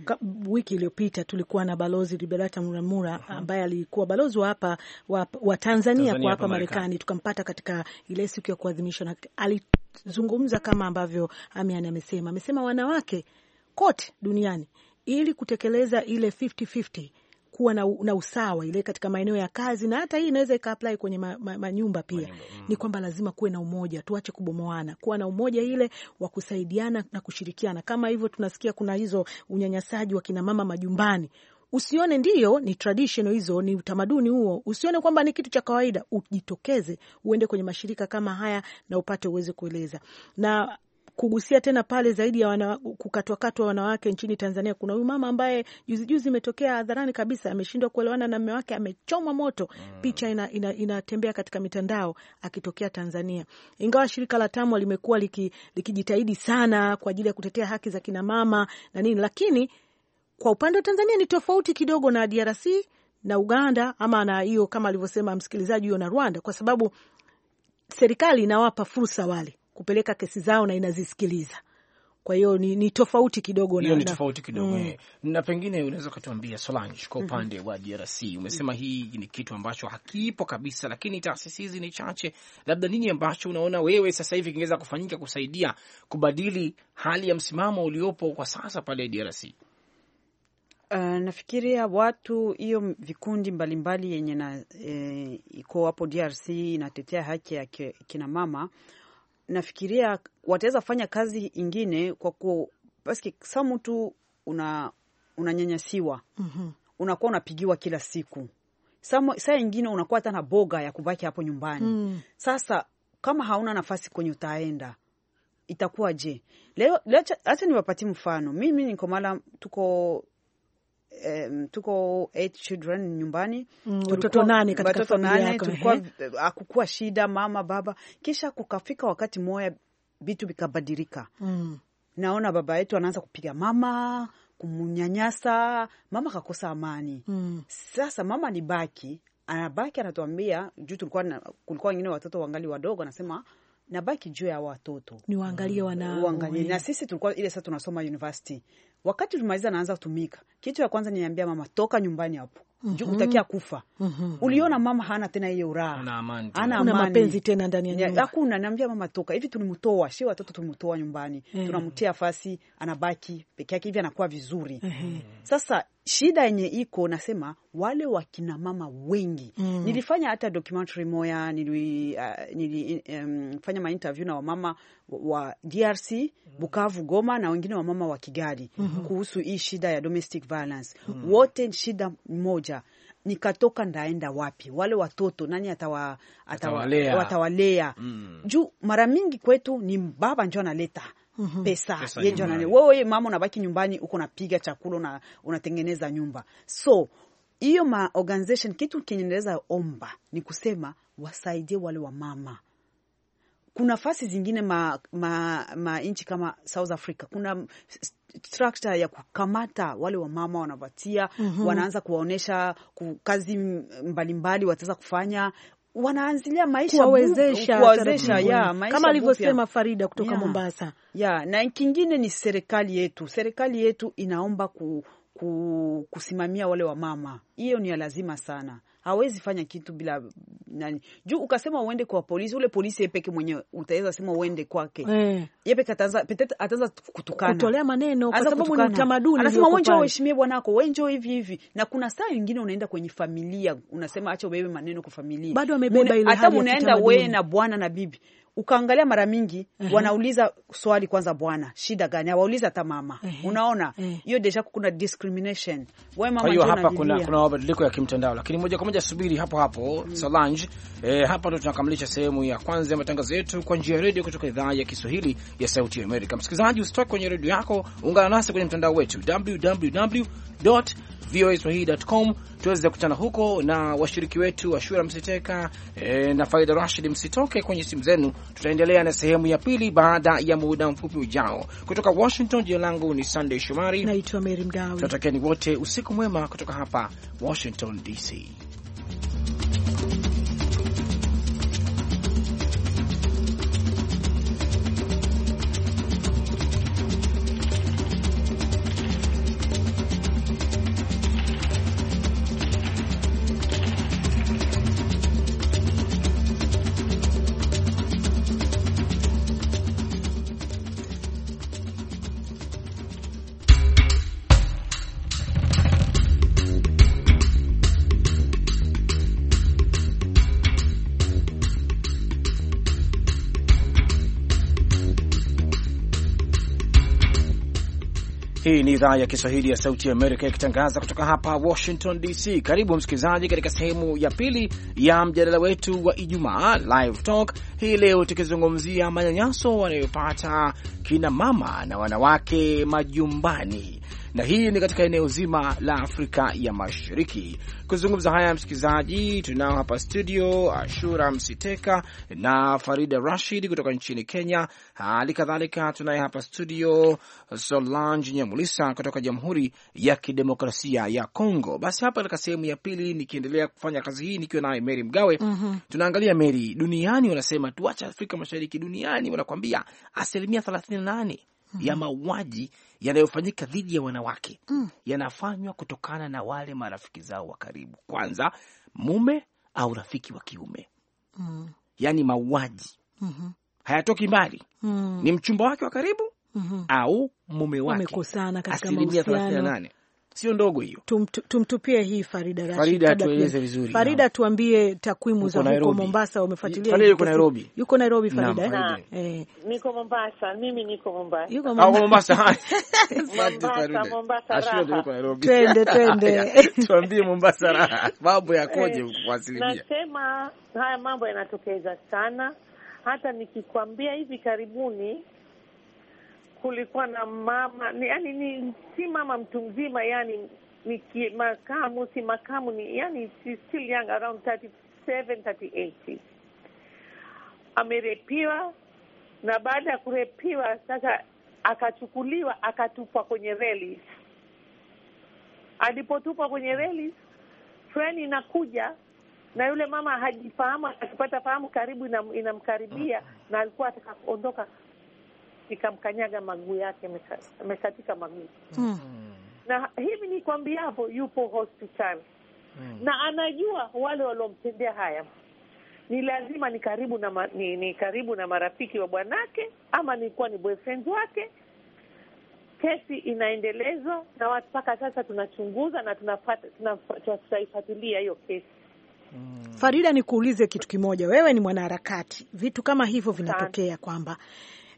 [SPEAKER 2] wiki iliyopita tulikuwa na Balozi Liberata Muramura mhm. ambaye alikuwa balozi wa hapa wa, wa Tanzania, kwa hapa Marekani, tukampata katika ile siku ya kuadhimishwa na alizungumza kama ambavyo Amiani ah, amesema. Amesema wanawake kote duniani ili kutekeleza ile 50-50 kuwa na, na usawa ile katika maeneo ya kazi, na hata hii inaweza apply kwenye ma, ma, manyumba pia manyumba. Mm. Ni kwamba lazima kuwe na umoja, tuache kubomoana, kuwa na umoja ile wa kusaidiana na kushirikiana. Kama hivyo tunasikia kuna hizo unyanyasaji wa kinamama majumbani Usione ndiyo ni tradition hizo, ni utamaduni huo, usione kwamba ni kitu cha kawaida. Ujitokeze, uende kwenye mashirika kama haya na upate uweze kueleza. Na kugusia tena pale zaidi ya wana, kukatwakatwa wanawake nchini Tanzania, kuna huyu mama ambaye juzi juzi imetokea hadharani kabisa, ameshindwa kuelewana na mume wake, amechomwa moto mm. Picha inatembea ina, ina katika mitandao akitokea Tanzania, ingawa shirika la TAMWA limekuwa likijitahidi liki sana kwa ajili ya kutetea haki za kina mama na nini, lakini kwa upande wa Tanzania ni tofauti kidogo na DRC na Uganda ama na hiyo kama alivyosema msikilizaji huyo na Rwanda, kwa sababu serikali inawapa fursa wale kupeleka kesi zao na inazisikiliza. Kwa hiyo ni, ni tofauti kidogo na, ni tofauti kidogo mm.
[SPEAKER 1] Na pengine unaweza ukatuambia Solange, kwa mm-hmm. upande mm -hmm. wa DRC umesema mm -hmm. hii ni kitu ambacho hakipo kabisa, lakini taasisi hizi ni chache. Labda nini ambacho unaona wewe sasa hivi kingeweza kufanyika kusaidia kubadili hali ya msimamo uliopo kwa sasa pale DRC?
[SPEAKER 3] Uh, nafikiria watu hiyo vikundi mbalimbali yenye na eh, iko hapo DRC inatetea haki ya kinamama nafikiria wataweza fanya kazi ingine kwa ku paski sa mtu una unanyanyasiwa mm -hmm. unakuwa unapigiwa kila siku Samu, saa ingine unakuwa hata na boga ya kubaki hapo nyumbani mm. Sasa kama hauna nafasi kwenye utaenda itakuwa je? Leo acha niwapatie mfano. Mimi niko mala tuko um, tuko eight children nyumbani, mm, watoto nane katika watoto nane tulikuwa hakukuwa shida, mama baba. Kisha kukafika wakati moya vitu vikabadilika. mm. Naona baba yetu anaanza kupiga mama, kumnyanyasa mama, akakosa amani. mm. Sasa mama ni baki anabaki anatuambia juu tulikuwa kulikuwa wengine watoto wangali wadogo, anasema nabaki juu ya watoto ni waangalie mm. wana eh. Na sisi tulikuwa ile sasa tunasoma university, wakati tumaliza naanza kutumika, kitu ya kwanza niambia mama, toka nyumbani hapo Mm -hmm. Juu utakia kufa. Mm -hmm. Uliona mama hana tena hiyo raha, ana mapenzi tena ndani ya nyumba hakuna. Naambia mama toka hivi, tulimtoa si watoto tulimtoa nyumbani. Mm -hmm. Tunamtia fasi, anabaki peke yake hivi, anakuwa vizuri. Mm -hmm. Sasa shida yenye iko nasema wale wakina mama wengi mm. Nilifanya hata documentary moya nilifanya uh, nili, um, mainterview na wamama wa DRC mm. Bukavu, Goma na wengine wamama wa Kigali mm -hmm. kuhusu hii shida ya domestic violence mm. Wote shida moja nikatoka ndaenda wapi? Wale watoto nani atawa, atawa, watawalea? Mm. Juu mara mingi kwetu ni baba njo analeta Mhm. pesa, pesa ye ndio anani, wewe mama unabaki nyumbani uko unapiga chakula na unatengeneza nyumba. So hiyo ma organization kitu kinyendeleza omba ni kusema wasaidie wale wa mama kuna nafasi zingine ma, ma, ma nchi kama South Africa kuna structure ya kukamata wale wamama wanavatia, mm -hmm. Wanaanza kuwaonyesha kazi mbalimbali wataweza kufanya, wanaanzilia maisha kuwezesha, ya maisha kama alivyosema Farida kutoka ya, Mombasa ya. Na kingine ni serikali yetu, serikali yetu inaomba ku, ku, kusimamia wale wamama, hiyo ni ya lazima sana hawezi fanya kitu bila nani juu. Ukasema uende kwa polisi, ule polisi yepeke mwenyewe utaweza sema uende kwake eh, yepeke ataanza petete, ataanza kutukana, kutolea maneno, kwa sababu ni utamaduni. Anasema wenjo uheshimie bwanako, wenjo hivi hivi. Na kuna saa nyingine unaenda kwenye familia, unasema acha ubebe maneno kwa familia, bado amebeba ile hata unaenda wewe na bwana na bibi ukaangalia mara mingi uh -huh. wanauliza swali kwanza, bwana shida gani? Awauliza hata mama uh -huh. Unaona hiyo uh -huh. deja kuna discrimination wewe mama. hiyo hapa kuna, kuna
[SPEAKER 1] mabadiliko ya kimtandao, lakini moja kwa moja subiri hapo hapo mm. Solange eh, hapa ndo tunakamilisha sehemu ya kwanza ya matangazo yetu kwa njia ya redio kutoka idhaa ya Kiswahili ya Sauti ya Amerika. Msikilizaji, usitoke kwenye redio yako, ungana nasi kwenye mtandao wetu www voaswahili.com, tuweze kukutana huko na washiriki wetu Ashura Msiteka e, na Faida Rashid. Msitoke kwenye simu zenu, tutaendelea na sehemu ya pili baada ya muda mfupi ujao. Kutoka Washington, jina langu ni Sunday Shomari, naitwa
[SPEAKER 2] Meri Mgawe. Tunatakieni
[SPEAKER 1] wote usiku mwema kutoka hapa Washington DC. Hii ni idhaa ya Kiswahili ya Sauti ya Amerika ikitangaza kutoka hapa Washington DC. Karibu msikilizaji, katika sehemu ya pili ya mjadala wetu wa Ijumaa Live Talk hii leo, tukizungumzia manyanyaso wanayopata kina mama na wanawake majumbani na hii ni katika eneo zima la Afrika ya Mashariki. Kuzungumza haya, msikilizaji, tunao hapa studio Ashura Msiteka na Farida Rashid kutoka nchini Kenya. Hali kadhalika tunaye hapa studio Solange Nyamulisa kutoka Jamhuri ya Kidemokrasia ya Kongo. Basi hapa katika sehemu ya pili, nikiendelea kufanya kazi hii nikiwa naye Mary Mgawe. mm -hmm. Tunaangalia Mary, duniani wanasema tuache Afrika Mashariki, duniani wanakwambia asilimia thelathini na nane mm -hmm. ya mauaji yanayofanyika dhidi ya wanawake mm. yanafanywa kutokana na wale marafiki zao wa karibu, kwanza mume au rafiki wa kiume mm. yaani mauaji mm -hmm. hayatoki mbali mm. ni mchumba wake wa karibu mm -hmm. au mume wake,
[SPEAKER 2] asilimia thelathini na nane sio ndogo hiyo. Tumtupie hii Farida Rashid. Farida tueleze vizuri. Farida, tuambie takwimu za huko Mombasa, umefuatilia. Farida yuko Nairobi. Yuko Nairobi Farida. eh.
[SPEAKER 4] Niko Mombasa, mimi niko Mombasa. Yuko ah, Mombasa. Mombasa, Mombasa ndio ah, Yuko Nairobi.
[SPEAKER 1] Twende, twende. Tuambie Mombasa raha. Mambo yakoje huko eh, kwa asilimia?
[SPEAKER 4] Nasema haya mambo yanatokeza sana. Hata nikikwambia hivi karibuni kulikuwa na mama ni, yani ni si mama mtu mzima yani ni ki, makamu si makamu ni yani si still young around 37 38 amerepiwa na baada ya kurepiwa sasa akachukuliwa akatupwa kwenye reli. Alipotupwa kwenye reli, treni inakuja na yule mama hajifahamu, akipata fahamu karibu inam, inamkaribia mm-hmm. na alikuwa atakaondoka, nikamkanyaga maguu yake, amekatika maguu mm. na hivi nikwambiavyo, yupo hospitali mm. na anajua wale waliomtendea haya ni lazima ni karibu na ma, ni, ni karibu na marafiki wa bwanake ama nilikuwa ni boyfriend wake. Kesi inaendelezwa na mpaka sasa tunachunguza na tunaifuatilia hiyo kesi.
[SPEAKER 2] Farida, nikuulize kitu kimoja, wewe ni mwanaharakati, vitu kama hivyo vinatokea kwamba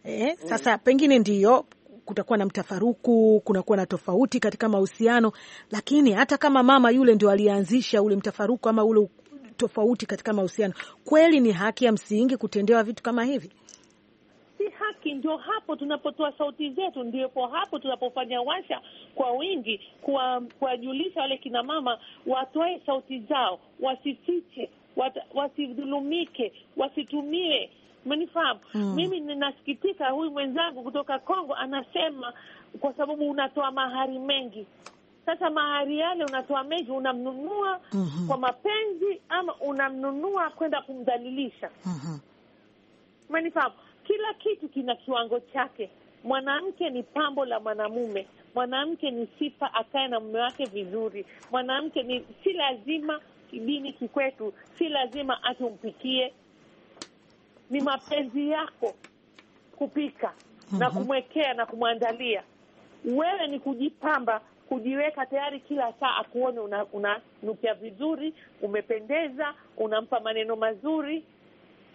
[SPEAKER 2] eh, mm. sasa mm. pengine ndiyo kutakuwa na mtafaruku, kunakuwa na tofauti katika mahusiano, lakini hata kama mama yule ndio alianzisha ule mtafaruku ama ule tofauti katika mahusiano, kweli ni haki ya msingi kutendewa vitu kama hivi?
[SPEAKER 4] Si haki? Ndio hapo tunapotoa sauti zetu, ndipo hapo tunapofanya washa kwa wingi, kuwajulisha wale kina mama watoe sauti zao, wasifiche, wat, wasidhulumike, wasitumie Umenifahamu? mm. Mimi ninasikitika, huyu mwenzangu kutoka Kongo anasema kwa sababu unatoa mahari mengi. Sasa mahari yale unatoa mengi, unamnunua mm -hmm. kwa mapenzi ama unamnunua kwenda kumdhalilisha. mm -hmm. Kila kitu kina kiwango chake. Mwanamke ni pambo la mwanamume, mwanamke ni sifa, akae na mume wake vizuri. Mwanamke ni si lazima kidini, kikwetu si lazima atumpikie ni mapenzi yako kupika mm -hmm. na mhm. kumwekea na kumwandalia. Wewe ni kujipamba, kujiweka tayari kila saa akuone unanukia una vizuri, umependeza, unampa maneno mazuri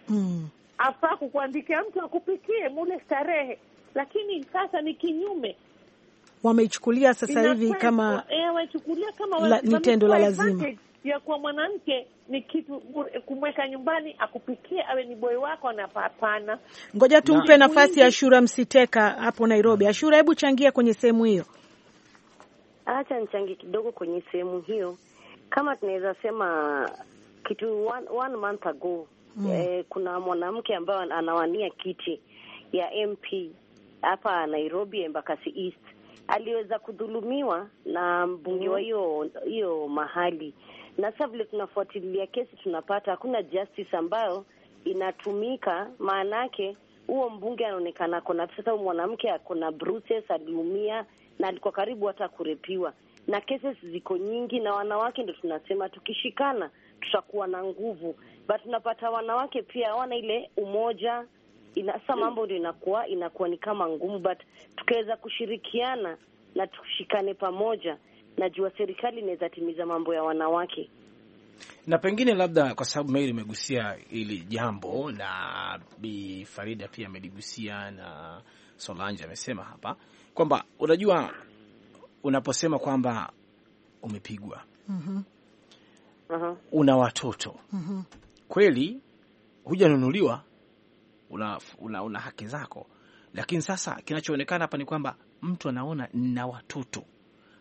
[SPEAKER 4] mm. Afaa kukuandikia mtu akupikie mule starehe, lakini sasa ni kinyume
[SPEAKER 2] wameichukulia sasa hivi kama,
[SPEAKER 4] e, kama ni tendo la lazima ya kuwa mwanamke ni kitu kumweka nyumbani akupikie awe ni boi wako na hapana. Ngoja tumpe nafasi ya
[SPEAKER 2] Ashura Msiteka hapo Nairobi. Ashura, hebu changia kwenye sehemu hiyo.
[SPEAKER 6] Acha nichangie kidogo kwenye sehemu hiyo, kama tunaweza sema kitu one, one month ago mm. Eh, kuna mwanamke ambaye anawania kiti ya MP hapa Nairobi Embakasi East aliweza kudhulumiwa na mbunge wa mm. hiyo hiyo mahali na sasa vile tunafuatilia kesi tunapata hakuna justice ambayo inatumika. Maanake huo mbunge anaonekana ako na pesa, mwanamke ako na bruises, aliumia na alikuwa karibu hata kurepiwa, na kesi ziko nyingi, na wanawake ndo tunasema tukishikana tutakuwa na nguvu, but tunapata wanawake pia hawana ile umoja ina, sa mambo ndio inakuwa inakuwa ni kama ngumu, but tukiweza kushirikiana na tushikane pamoja najua serikali inaweza timiza mambo ya wanawake
[SPEAKER 1] na pengine labda kwa sababu Mary imegusia hili jambo na Bi Farida pia ameligusia na Solange amesema hapa kwamba unajua, unaposema kwamba umepigwa, mm -hmm. una watoto mm -hmm. kweli, hujanunuliwa, una, una, una haki zako, lakini sasa kinachoonekana hapa ni kwamba mtu anaona nina watoto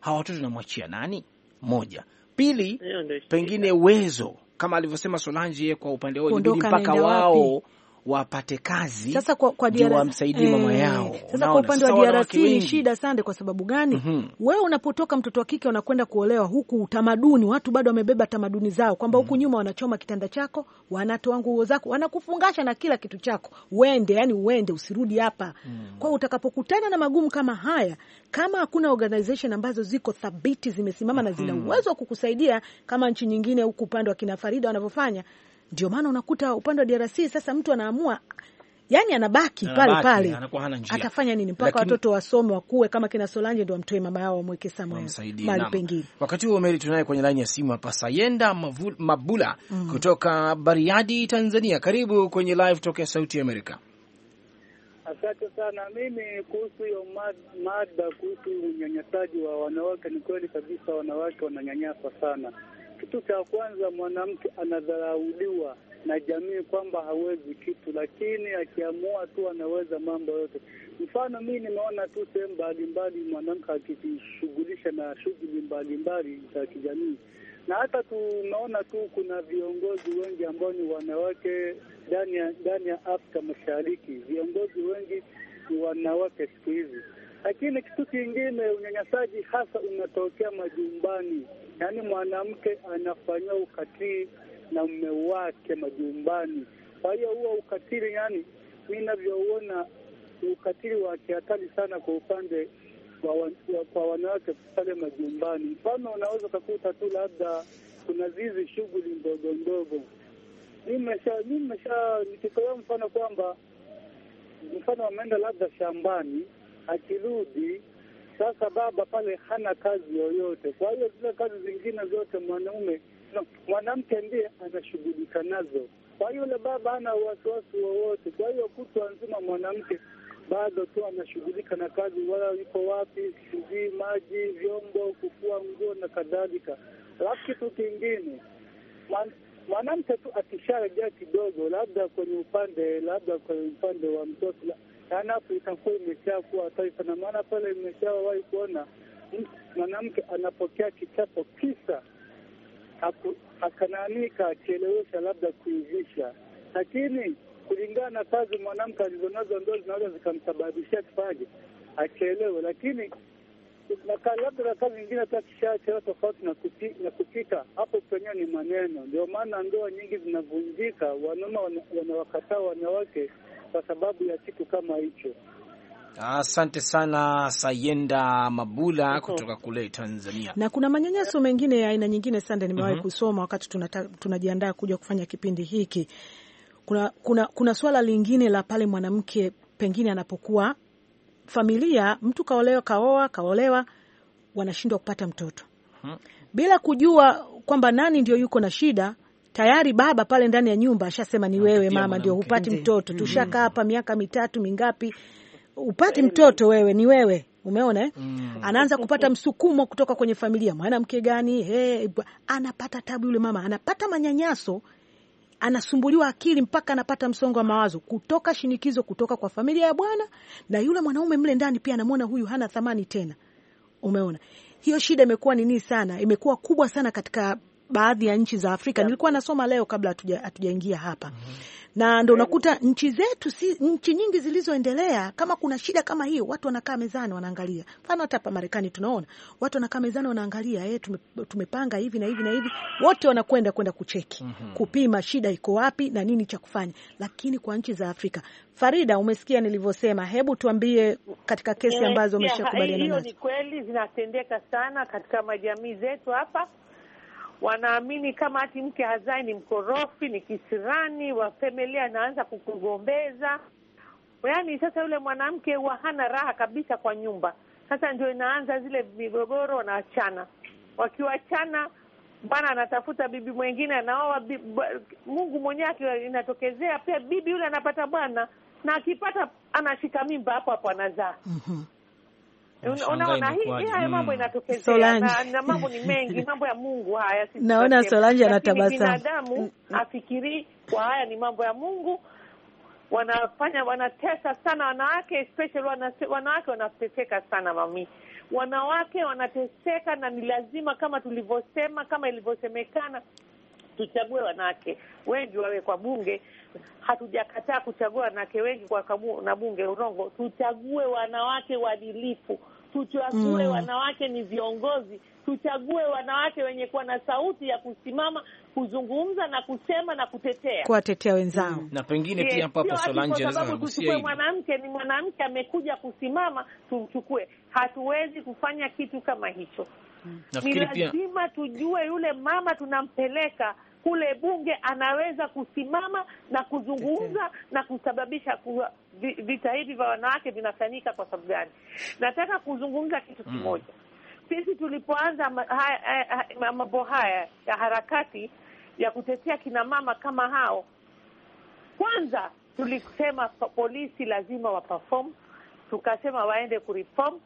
[SPEAKER 1] hawa watoto namwachia nani? Moja. Pili, pengine uwezo kama alivyosema Solange, kwa upande wao mpaka wao wapi? wapate kazi sasa kwa,
[SPEAKER 2] kwa ndio wamsaidie ee, mama eh, yao. Sasa kwa upande wa DRC ni shida sana. Kwa sababu gani? mm -hmm. Wewe unapotoka mtoto wa kike unakwenda kuolewa, huku utamaduni, watu bado wamebeba tamaduni zao kwamba huku mm -hmm. nyuma wanachoma kitanda chako, wanatoa nguo zako, wanakufungasha na kila kitu chako, uende, yani uende, usirudi hapa mm -hmm. Kwa utakapokutana na magumu kama haya, kama hakuna organization ambazo ziko thabiti, zimesimama mm -hmm. na zina mhm. uwezo wa kukusaidia kama nchi nyingine huku upande wa kina Farida wanavyofanya, ndio maana unakuta upande wa DRC sasa mtu anaamua yani anabaki pale pale,
[SPEAKER 1] atafanya nini mpaka watoto
[SPEAKER 2] wasome wakuwe kama kina Solange, ndo amtoe mama yao wamweke mahali pengine.
[SPEAKER 1] Wakati huo Meri, tunaye kwenye laini ya simu hapa Sayenda Mabula mm, kutoka Bariadi, Tanzania. Karibu kwenye live toka Sauti ya Amerika.
[SPEAKER 9] Asante sana. Mimi kuhusu hiyo mada kuhusu unyanyasaji wa wanawake, ni kweli kabisa, wanawake wananyanyaswa sana kitu cha kwanza, mwanamke anadharauliwa na jamii kwamba hawezi kitu, lakini akiamua tu anaweza mambo yote. Mfano, mi nimeona tu sehemu mbalimbali mwanamke akijishughulisha na shughuli mbalimbali za kijamii, na hata tumeona tu kuna viongozi wengi ambao ni wanawake ndani ya ndani ya Afrika Mashariki, viongozi wengi ni wanawake siku hizi. Lakini kitu kingine, unyanyasaji hasa unatokea majumbani yaani mwanamke anafanyia ukatili na mume wake majumbani. Kwa hiyo huo ukatili, yani mi navyouona ukatili wa kihatari sana kwa upande kwa wanawake pale majumbani. Mfano, unaweza ukakuta tu labda kuna zizi shughuli ndogo ndogo. Mi mesha nikitolea mfano kwamba mfano ameenda labda shambani, akirudi sasa baba pale hana kazi yoyote, kwa hiyo zile kazi zingine zote mwanaume no, mwanamke ndiye anashughulika nazo. Kwa hiyo yule baba hana wasiwasi wowote, kwa hiyo kutwa nzima mwanamke bado tu anashughulika na kazi, wala yuko wapi, sijui maji, vyombo, kufua nguo na kadhalika. Alafu kitu kingine mwanamke tu akisharejea kidogo, labda kwenye upande labda kwenye upande wa mtoto yaani hapo itakuwa imesha kuwa taifa, na maana pale imeshawahi kuona mwanamke anapokea kichapo kisa akananika achelewesha labda kuivisha, lakini kulingana na kazi mwanamke alizonazo ndo zinaweza zikamsababishia kipaji achelewe, lakini labda na kazi nyingine hata kishaachelewa tofauti na kupika, hapo penyewe ni maneno. Ndio maana ndoa nyingi zinavunjika, wanaume wanawakataa wanawake kwa sababu ya kitu kama hicho.
[SPEAKER 1] Asante sana Sayenda Mabula kutoka kule Tanzania. Na
[SPEAKER 2] kuna manyanyaso mengine ya aina nyingine sana nimewahi mm -hmm. kusoma wakati tunajiandaa kuja kufanya kipindi hiki. Kuna, kuna, kuna swala lingine la pale mwanamke pengine anapokuwa familia, mtu kaolewa, kaoa, kaolewa, wanashindwa kupata mtoto mhm. bila kujua kwamba nani ndio yuko na shida tayari baba pale ndani ya nyumba ashasema ni wewe mama ndio hupati mtoto, mm-hmm. tushakaa hapa miaka mitatu mingapi, upati mtoto wewe, ni wewe Umeona eh? Mm. Anaanza kupata msukumo kutoka kwenye familia, mwanamke gani? Hey, anapata tabu yule mama, anapata manyanyaso, anasumbuliwa akili mpaka anapata msongo wa mawazo kutoka shinikizo kutoka kwa familia ya bwana, na yule mwanaume mle ndani pia anamwona huyu hana thamani tena. Umeona hiyo shida imekuwa nini sana, imekuwa kubwa sana katika baadhi ya nchi za Afrika yeah. Nilikuwa nasoma leo kabla hatujaingia hapa mm -hmm. na ndo unakuta nchi zetu si, nchi nyingi zilizoendelea, kama kuna shida kama hiyo, watu wanakaa mezani wanaangalia. Mfano hata hapa Marekani tunaona watu wanakaa mezani wanaangalia, e, tumepanga hivi na hivi na hivi, wote wanakwenda kwenda kucheki mm -hmm. kupima shida iko wapi na nini cha kufanya, lakini kwa nchi za Afrika Farida, umesikia nilivyosema. Hebu tuambie katika kesi eh, ambazo umeshakubaliana nazo. Hiyo ni
[SPEAKER 4] kweli zinatendeka sana katika majamii zetu hapa wanaamini kama ati mke hazai ni mkorofi, ni kisirani wa familia, anaanza kukugombeza. Yaani sasa yule mwanamke huwa hana raha kabisa kwa nyumba. Sasa ndio inaanza zile migogoro, wanaachana. Wakiwachana bwana anatafuta bibi mwengine, anaoa Mungu mwenyewe inatokezea, pia bibi yule anapata bwana, na akipata anashika mimba hapo hapo, anazaa mm -hmm. Unaona, hii haya mambo mm. inatokezea na, na mambo ni mengi, mambo ya Mungu haya. Naona Solange anatabasamu. Binadamu mm, mm. afikiri kwa haya ni mambo ya Mungu, wanafanya wanatesa sana wanawake, especially wanawake wanateseka sana mami, wanawake wanateseka, na ni lazima kama tulivyosema, kama ilivyosemekana tuchague wanawake wengi wawe kwa bunge. Hatujakataa kuchagua wanawake wengi kwa kamu, na bunge urongo, tuchague wanawake waadilifu, tuchague mm, wanawake ni viongozi, tuchague wanawake wenye kuwa na sauti ya kusimama kuzungumza na kusema na kutetea
[SPEAKER 2] kuwatetea wenzao mm. na pengine pia hapo hapo Solange, tuchukue
[SPEAKER 4] mwanamke ni mwanamke amekuja kusimama, tumchukue. Hatuwezi kufanya kitu kama hicho mm. ni lazima pia... tujue yule mama tunampeleka kule bunge anaweza kusimama na kuzungumza na kusababisha kuwa vita hivi vya wanawake vinafanyika kwa sababu gani? Nataka kuzungumza kitu mm. kimoja. Sisi tulipoanza mambo haya ya harakati ya kutetea kina mama kama hao, kwanza tulisema polisi lazima waperform, tukasema waende kureform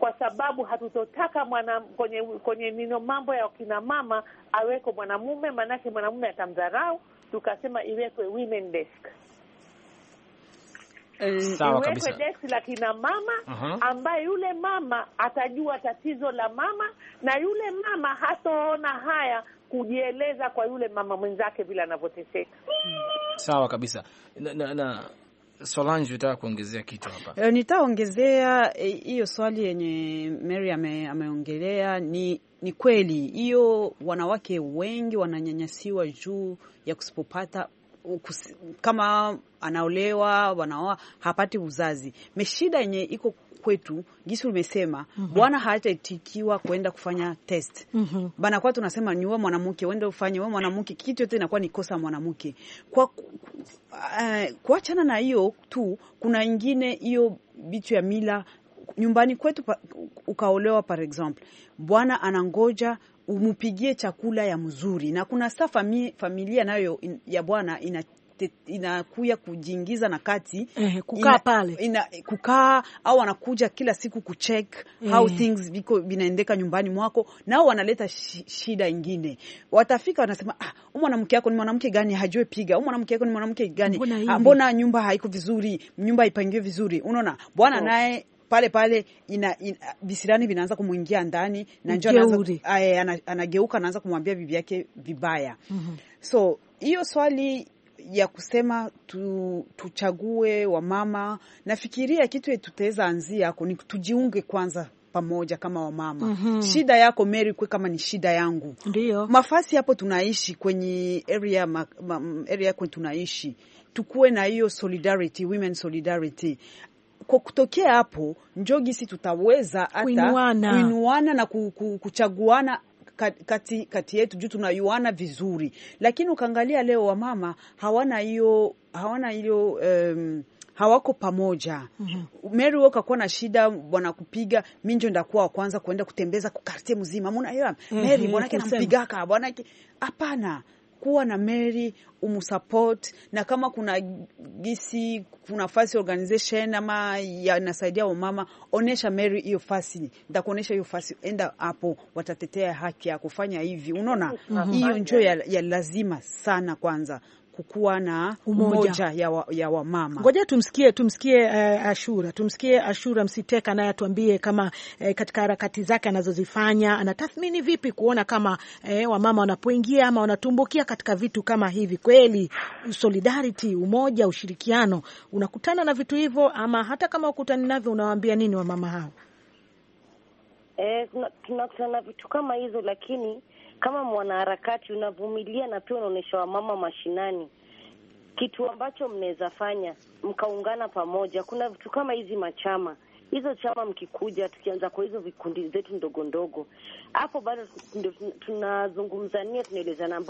[SPEAKER 4] kwa sababu hatutotaka mwana kwenye kwenye nino mambo ya wakina mama aweko mwanamume, maanake mwanamume atamdharau. Tukasema iwekwe women desk.
[SPEAKER 1] Eh, iwekwe
[SPEAKER 4] desk la kina mama uh -huh. ambaye yule mama atajua tatizo la mama na yule mama hatoona haya kujieleza kwa yule mama mwenzake vile anavyoteseka. Hmm.
[SPEAKER 1] Sawa kabisa na, na, na Solange, utaka kuongezea kitu hapa?
[SPEAKER 3] E, nitaongezea eh, hiyo e, swali yenye Mary ame, ameongelea ni ni kweli hiyo, wanawake wengi wananyanyasiwa juu ya kusipopata kama anaolewa wanaoa hapati uzazi meshida yenye iko kwetu gisu umesema mm -hmm. Bwana hatatikiwa kwenda kufanya test mm -hmm. Bana kwa tunasema ni wewe mwanamke uende ufanye wewe mwanamke, kitu yote inakuwa ni kosa mwanamke kwa uh, kuachana na hiyo tu. Kuna ingine hiyo bitu ya mila nyumbani kwetu, ukaolewa par exemple, bwana anangoja umupigie chakula ya mzuri, na kuna saa familia nayo in, ya bwana ina inakuya kujiingiza na kati eh, kukaa pale ina, kukaa au wanakuja kila siku kucheck eh, how things viko vinaendeka nyumbani mwako, nao wanaleta shida ingine. Watafika wanasema, ah, mwanamke yako ni mwanamke gani hajue piga? Au mwanamke yako ni mwanamke gani mbona, ah, nyumba haiko vizuri, nyumba haipangiwe vizuri? Unaona bwana naye pale pale ina, ina, visirani vinaanza kumwingia ndani na njoo anageuka, anaanza kumwambia bibi yake vibaya. mm -hmm. So hiyo swali ya kusema tu, tuchague wamama, nafikiria kitu tutaweza anzia hapo ni tujiunge kwanza pamoja kama wamama. mm -hmm. Shida yako Mary kwe kama ni shida yangu, ndio mafasi hapo tunaishi kwenye area ma, ma, area kwenye tunaishi tukuwe na hiyo solidarity, women solidarity kwa kutokea hapo njo gisi tutaweza hata kuinuana, kuinuana na kuchaguana kati, kati yetu juu tunayuana vizuri, lakini ukaangalia leo wamama hawana hiyo hawana hiyo um, hawako pamoja. mm -hmm. Mary wewe na shida bwana kupiga minjo, ndakuwa wa kwanza kuenda kutembeza kukartie mzima muna mhm. hiyo mm -hmm. bwanake nampigaka bwanake, hapana kuwa na Mary umsupport, na kama kuna gisi kuna fasi organization ama yanasaidia wamama, onesha Mary hiyo fasi, ndakuonesha hiyo fasi, enda hapo, watatetea haki ya kufanya hivi. Unaona mm-hmm. hiyo mm-hmm. njo ya, ya lazima sana kwanza kukuwa na umoja ya wamama ngoja tumsikie tumsikie,
[SPEAKER 2] uh, Ashura tumsikie Ashura Msiteka naye atuambie kama uh, katika harakati zake anazozifanya anatathmini vipi kuona kama uh, eh, wamama wanapoingia ama wanatumbukia katika vitu kama hivi, kweli solidarity, umoja, ushirikiano, unakutana na vitu hivyo ama hata kama ukutani navyo, unawaambia nini wamama hao?
[SPEAKER 6] Eh, tunakutana na vitu kama hizo lakini kama mwanaharakati unavumilia na pia unaonyesha wamama mashinani kitu ambacho mnaweza fanya mkaungana pamoja. Kuna vitu kama hizi machama hizo chama, mkikuja tukianza kwa hizo vikundi zetu ndogo ndogo, hapo bado tunazungumzania, tunaelezana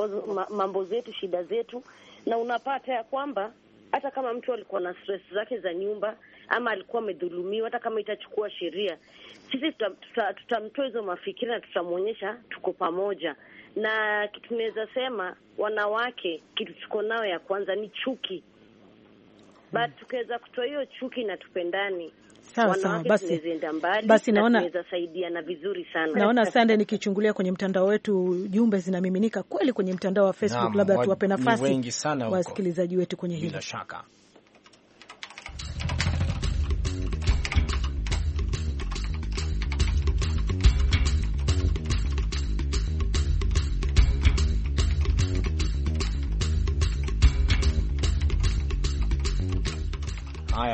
[SPEAKER 6] mambo zetu, shida zetu, na unapata ya kwamba hata kama mtu alikuwa na stress zake za nyumba ama alikuwa amedhulumiwa, hata kama itachukua sheria, sisi tutamtoa tuta, tuta hizo mafikira na tutamwonyesha tuko pamoja. Na kitu tunaweza sema, wanawake, kitu tuko nao ya kwanza ni chuki, but tukiweza kutoa hiyo chuki na tupendani
[SPEAKER 2] Sawa sawa, basi
[SPEAKER 6] basi, naona saidiana vizuri sana.
[SPEAKER 2] Naona Sande, nikichungulia kwenye mtandao wetu jumbe zinamiminika kweli kwenye mtandao wa Facebook, labda tuwape nafasi wasikilizaji wetu kwenye hili. Bila shaka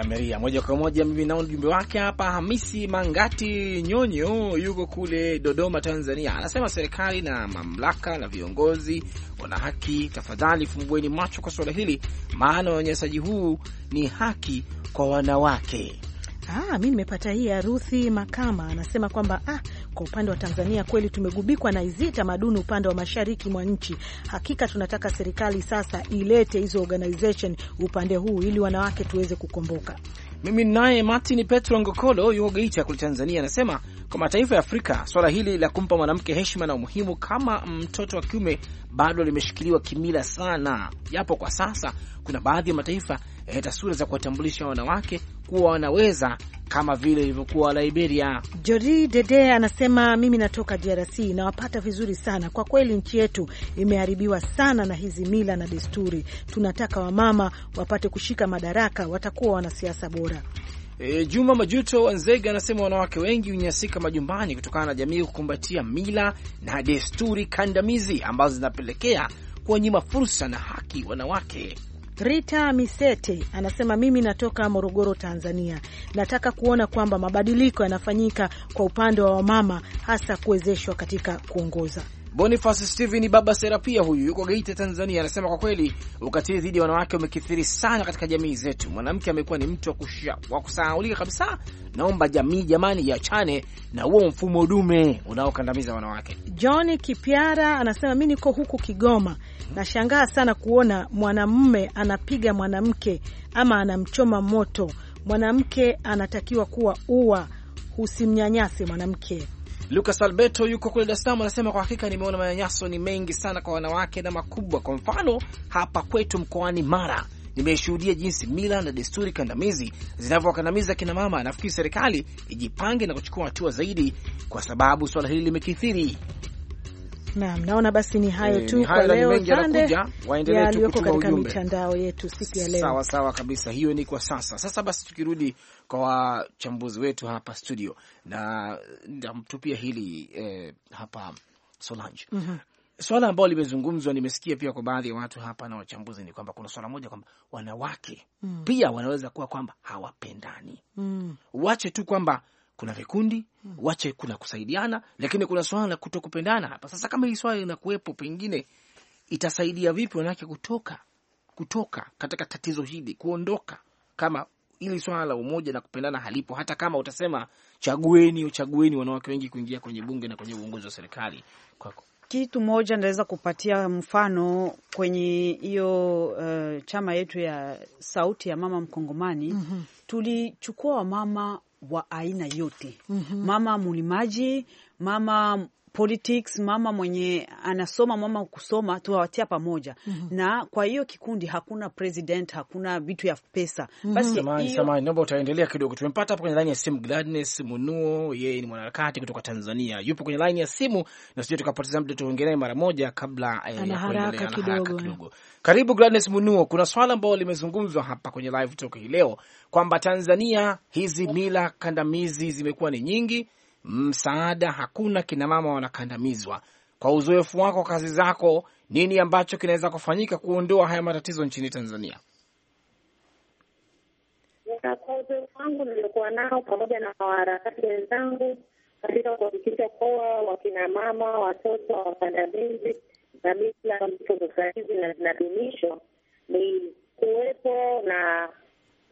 [SPEAKER 5] Ameria
[SPEAKER 1] moja kwa moja. Mimi nao ujumbe wake hapa. Hamisi Mangati Nyonyo yuko kule Dodoma, Tanzania, anasema serikali na mamlaka na viongozi wana haki, tafadhali fumbueni macho kwa suala hili, maana unyanyasaji huu ni haki kwa wanawake.
[SPEAKER 2] Ah, mi nimepata hii ya Ruthi Makama anasema kwamba ah, kwa upande wa Tanzania kweli tumegubikwa na hizi tamaduni upande wa mashariki mwa nchi. Hakika tunataka serikali sasa ilete hizo organization upande huu ili wanawake tuweze kukomboka.
[SPEAKER 1] Mimi naye Martin Petro Ngokolo yuko Geita kule Tanzania, anasema kwa mataifa ya Afrika swala hili la kumpa mwanamke heshima na umuhimu kama mtoto wa kiume bado limeshikiliwa kimila sana, japo kwa sasa kuna baadhi ya mataifa yana eh, sura za kuwatambulisha wanawake kuwa wanaweza kama vile ilivyokuwa Liberia.
[SPEAKER 2] Jori Dede anasema mimi natoka DRC, nawapata vizuri sana kwa kweli. Nchi yetu imeharibiwa sana na hizi mila na desturi. Tunataka wamama wapate kushika madaraka, watakuwa wanasiasa bora.
[SPEAKER 1] E, Juma Majuto Wanzega anasema wanawake wengi hunyanyasika majumbani kutokana na jamii kukumbatia mila na desturi kandamizi ambazo zinapelekea kuwanyima fursa na haki wanawake.
[SPEAKER 2] Rita Misete anasema mimi natoka Morogoro, Tanzania. Nataka kuona kwamba mabadiliko yanafanyika kwa upande wa wamama, hasa kuwezeshwa katika kuongoza.
[SPEAKER 1] Boniface Steven Baba Serapia, huyu yuko Geita, Tanzania, anasema kwa kweli ukatili dhidi ya wanawake umekithiri sana katika jamii zetu. Mwanamke amekuwa ni mtu wa kusahaulika kabisa. Naomba jamii, jamani, yachane na huo mfumo dume unaokandamiza wanawake.
[SPEAKER 2] John Kipyara anasema mi niko huku Kigoma, nashangaa sana kuona mwanamume anapiga mwanamke ama anamchoma moto. Mwanamke anatakiwa kuwa ua, usimnyanyase mwanamke.
[SPEAKER 1] Lucas Alberto yuko kule Dar es Salaam anasema kwa hakika nimeona manyanyaso ni mengi sana kwa wanawake na makubwa. Kwa mfano hapa kwetu mkoani Mara nimeshuhudia jinsi mila na desturi kandamizi zinavyowakandamiza kina mama. Nafikiri serikali ijipange na kuchukua hatua zaidi, kwa sababu swala hili limekithiri.
[SPEAKER 2] Naam, naona basi ni hayo eh, tu kwa leo. Waendelee tu kutuma katika mitandao yetu siku ya leo. Sawa
[SPEAKER 1] sawa kabisa, hiyo ni kwa sasa. Sasa basi tukirudi kwa wachambuzi wetu hapa studio, na nitamtupia hili eh, hapa Solange mm -hmm. Swala ambalo limezungumzwa nimesikia pia kwa baadhi ya watu hapa na wachambuzi ni kwamba kuna swala moja kwamba wanawake mm. pia wanaweza kuwa kwamba hawapendani mm. wache tu kwamba kuna vikundi hmm. wache kuna kusaidiana, lakini kuna swala la kutokupendana hapa. Sasa kama hii swala linakuwepo, pengine itasaidia vipi wanawake kutoka kutoka katika tatizo hili, kuondoka kama ili swala la umoja na kupendana halipo, hata kama utasema chagueni, uchagueni wanawake wengi kuingia kwenye bunge na kwenye uongozi wa serikali. Kwako
[SPEAKER 3] kitu moja naweza kupatia mfano kwenye hiyo uh, chama yetu ya Sauti ya Mama Mkongomani, mm -hmm. tulichukua wamama wa aina yote mm -hmm. Mama mulimaji mama politics, mama mwenye anasoma, mama kusoma, tuwawatia pamoja mm -hmm. na kwa hiyo kikundi hakuna president, hakuna vitu ya pesa mhm. basi mm -hmm. Basi samani, naomba
[SPEAKER 1] utaendelea kidogo. Tumempata hapo kwenye laini ya simu Gladness Munuo, yeye ni mwanaharakati kutoka Tanzania, yupo kwenye laini ya simu na sije tukapoteza muda, tuongee naye mara moja kabla eh, ya kuendelea kidogo. kidogo. Karibu Gladness Munuo, kuna swala ambalo limezungumzwa hapa kwenye live talk hii leo kwamba Tanzania hizi mila kandamizi zimekuwa ni nyingi msaada hakuna, kinamama wanakandamizwa. Kwa uzoefu wako, kazi zako, nini ambacho kinaweza kufanyika kuondoa haya matatizo nchini Tanzania?
[SPEAKER 5] Kwa uzoefu wangu niliokuwa nao pamoja na waharakati wenzangu katika kuhakikisha kuwa wakinamama, watoto wa wakandamizi kabisa sahizi na zinadumishwa ni kuwepo na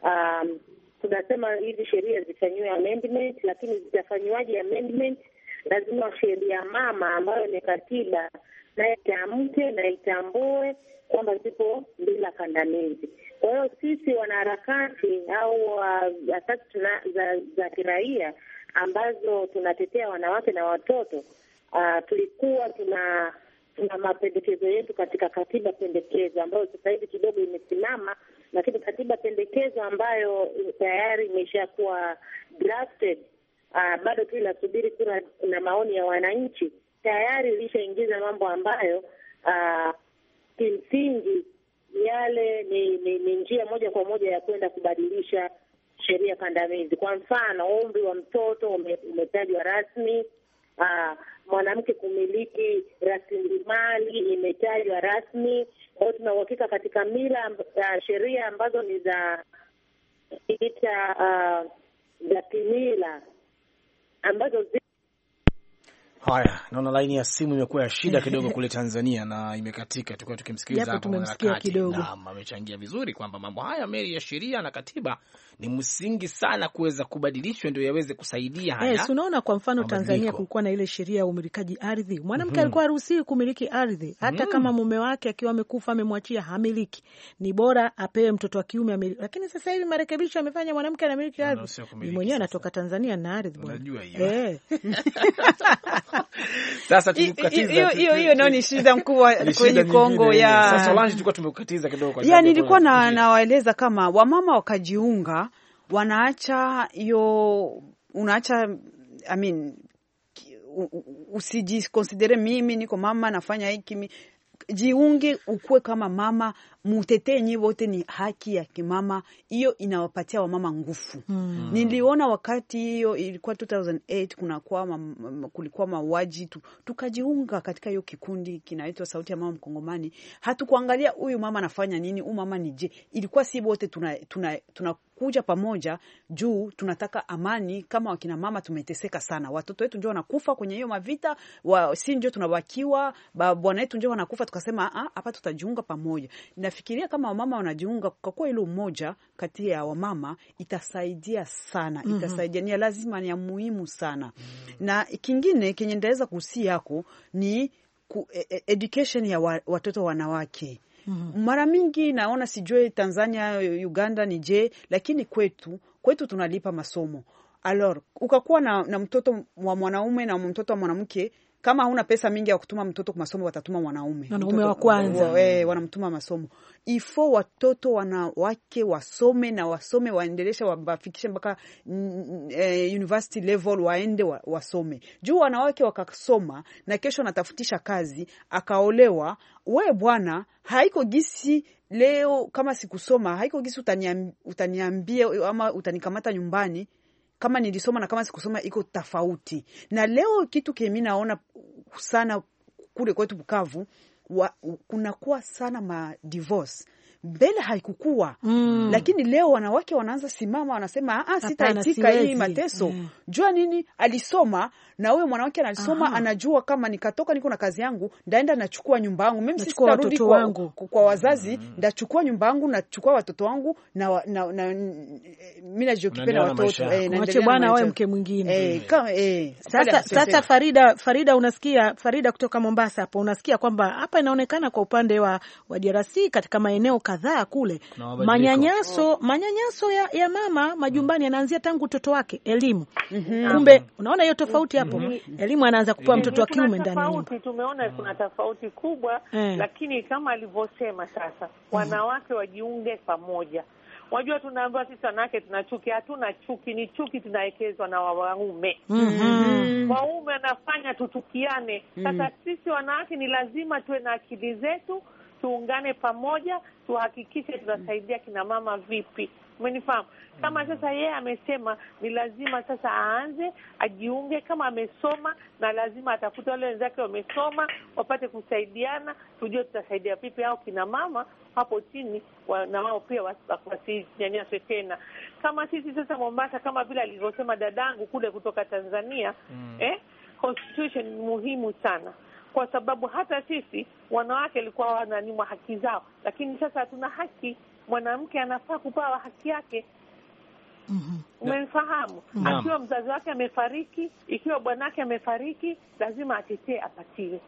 [SPEAKER 5] um, tunasema hizi sheria zifanyiwe amendment, lakini zitafanyiwaje amendment? Lazima sheria mama ambayo ni katiba na itamke na itambue kwamba zipo bila kandamizi. Kwa hiyo sisi wanaharakati au asasi uh, za, za kiraia ambazo tunatetea wanawake na watoto uh, tulikuwa tuna tuna mapendekezo yetu katika katiba pendekezo ambayo sasa hivi kidogo imesimama, lakini katiba pendekezo ambayo tayari imeshakuwa drafted uh, bado tu inasubiri kura na maoni ya wananchi. Tayari ilishaingiza mambo ambayo uh, kimsingi yale ni, ni, ni njia moja kwa moja ya kwenda kubadilisha sheria kandamizi. Kwa mfano, umri wa mtoto umetajwa ume rasmi uh, mwanamke kumiliki rasilimali imetajwa rasmi. Kwa hiyo tuna uhakika katika mila uh, sheria ambazo ni za ita uh, za kimila ambazo zi
[SPEAKER 1] Haya, naona laini ya simu imekuwa ya shida kidogo kule Tanzania na imekatika, tukiwa tukimsikiliza hapo tumemsikia kidogo. Naam, amechangia vizuri kwamba mambo haya meri ya sheria na katiba ni msingi sana kuweza kubadilishwa ndio yaweze kusaidia haya. Eh, unaona
[SPEAKER 2] kwa mfano Tanzania kulikuwa na ile sheria ya umilikaji ardhi. Mwanamke mm -hmm. alikuwa haruhusiwi kumiliki ardhi hata mm -hmm. kama mume wake akiwa amekufa amemwachia hamiliki. Ni bora apewe mtoto wa kiume amiliki. Lakini sasa hivi marekebisho amefanya mwanamke anamiliki ardhi. Mwenyewe anatoka Tanzania na ardhi bwana. Unajua hiyo. Eh.
[SPEAKER 3] Sasa hiyo hiyo nao ni shida mkubwa kwenye Kongo ya sasa. Solange, tulikuwa tumekukatiza kidogo kwa sababu nilikuwa na nawaeleza kama wamama wakajiunga, wanaacha hiyo, unaacha I mean, usijikonsidere mimi niko mama nafanya hiki, jiunge ukuwe kama mama mutetee nyi wote, ni haki ya kimama. Hiyo inawapatia wamama nguvu mm. Hmm. Niliona wakati hiyo ilikuwa 2008 kunakuwa ma, kulikuwa mauaji tu, tukajiunga katika hiyo kikundi kinaitwa Sauti ya Mama Mkongomani. Hatukuangalia huyu mama anafanya nini, huyu mama ni je, ilikuwa si wote tuna, tuna, tuna kuja pamoja juu tunataka amani. Kama wakina mama tumeteseka sana, watoto wetu ndio wanakufa kwenye hiyo mavita wa, si ndio tunabakiwa, bwana wetu ndio wanakufa. Tukasema ah, hapa tutajiunga pamoja na nafikiria kama wamama wanajiunga, kukakuwa ile umoja kati ya wamama itasaidia sana, mhm. itasaidia mm -hmm. Ni lazima ni ya muhimu sana mm -hmm. Na kingine kenye ndaweza kuhusia yako ni ku, e, e, education ya wa, watoto wanawake Mm -hmm. Mara mingi naona sijue Tanzania, Uganda ni je, lakini kwetu kwetu tunalipa masomo. alor, ukakuwa na, na mtoto wa mwanaume na mtoto wa mwanamke kama huna pesa mingi ya kutuma mtoto kwa masomo, watatuma mwanaume, mwanaume wa kwanza, eh, wanamtuma masomo ifo watoto wanawake wasome na wasome, waendelesha wafikishe mpaka mm, mm, eh, university level, waende wa, wasome juu wanawake wakasoma na kesho anatafutisha kazi akaolewa, we bwana, haiko gisi leo kama sikusoma, haiko gisi utaniambia ama utanikamata nyumbani kama nilisoma na kama sikusoma iko tofauti. Na leo kitu kimi naona sana kule kwetu Bukavu kunakuwa sana ma divorce mbele haikukua mm. Lakini leo wanawake wanaanza simama, wanasema ah, ah sitaitika hii mateso mm. Jua nini, alisoma na huyo mwanawake analisoma Anajua kama nikatoka niko na kazi yangu, ndaenda nachukua nyumba yangu mimi, sitarudi kwa, kwa wazazi mm. Ndachukua nyumba yangu, nachukua watoto wangu na, na, na, eh, mimi najokipenda watoto eh, mwache bwana awe mke
[SPEAKER 2] mwingine eh, kama, eh,
[SPEAKER 3] sasa, sasa
[SPEAKER 2] Farida, Farida unasikia Farida kutoka Mombasa hapo unasikia kwamba hapa inaonekana kwa upande wa, wa DRC katika maeneo kadhaa kadhaa kule, manyanyaso oh. manyanyaso ya, ya mama majumbani mm. yanaanzia tangu utoto wake, elimu mm-hmm. Kumbe unaona hiyo tofauti hapo mm-hmm. Elimu anaanza kupewa mtoto wa kiume ndani ya nyumba.
[SPEAKER 4] Tumeona kuna tofauti kubwa eh. Lakini kama alivyosema sasa, mm. wanawake wajiunge pamoja Wajua, tunaambiwa sisi wanawake tuna chuki. Hatuna chuki, ni chuki tunawekezwa na waume. mm-hmm. Waume anafanya tutukiane Sasa mm-hmm. sisi wanawake ni lazima tuwe na akili zetu tuungane pamoja, tuhakikishe tunasaidia kina mama vipi. Umenifahamu? Kama mm. sasa yeye amesema ni lazima sasa aanze ajiunge, kama amesoma na lazima atafute wale wenzake wamesoma, wapate kusaidiana, tujue tutasaidia vipi au kina mama hapo chini wa, na wao pia wasinyanyaswe tena, kama sisi sasa Mombasa, kama vile alivyosema dadangu kule kutoka Tanzania mm. eh, constitution ni muhimu sana kwa sababu hata sisi wanawake walikuwa wananyimwa haki zao, lakini sasa hatuna haki. Mwanamke anafaa kupawa haki yake. Mm -hmm. Umemfahamu? Akiwa mzazi wake amefariki, ikiwa bwanake amefariki, lazima atetee, apatiwe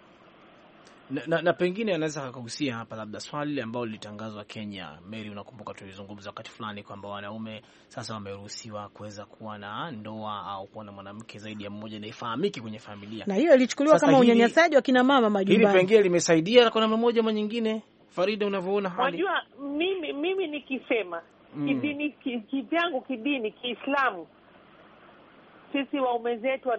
[SPEAKER 1] na, na, na pengine anaweza akagusia hapa labda swali ambalo lilitangazwa Kenya. Mary, unakumbuka tulizungumza wakati fulani kwamba wanaume sasa wameruhusiwa kuweza kuwa na ndoa au kuwa na mwanamke zaidi ya mmoja na ifahamiki kwenye familia, na hiyo ilichukuliwa kama unyanyasaji
[SPEAKER 2] wa kina mama majumbani. Hili pengine
[SPEAKER 1] limesaidia kwa namna moja ama nyingine, Farida, unavyoona hali. Unajua
[SPEAKER 4] mimi, mimi nikisema mm. kidini kivyangu kidini Kiislamu sisi waume zetu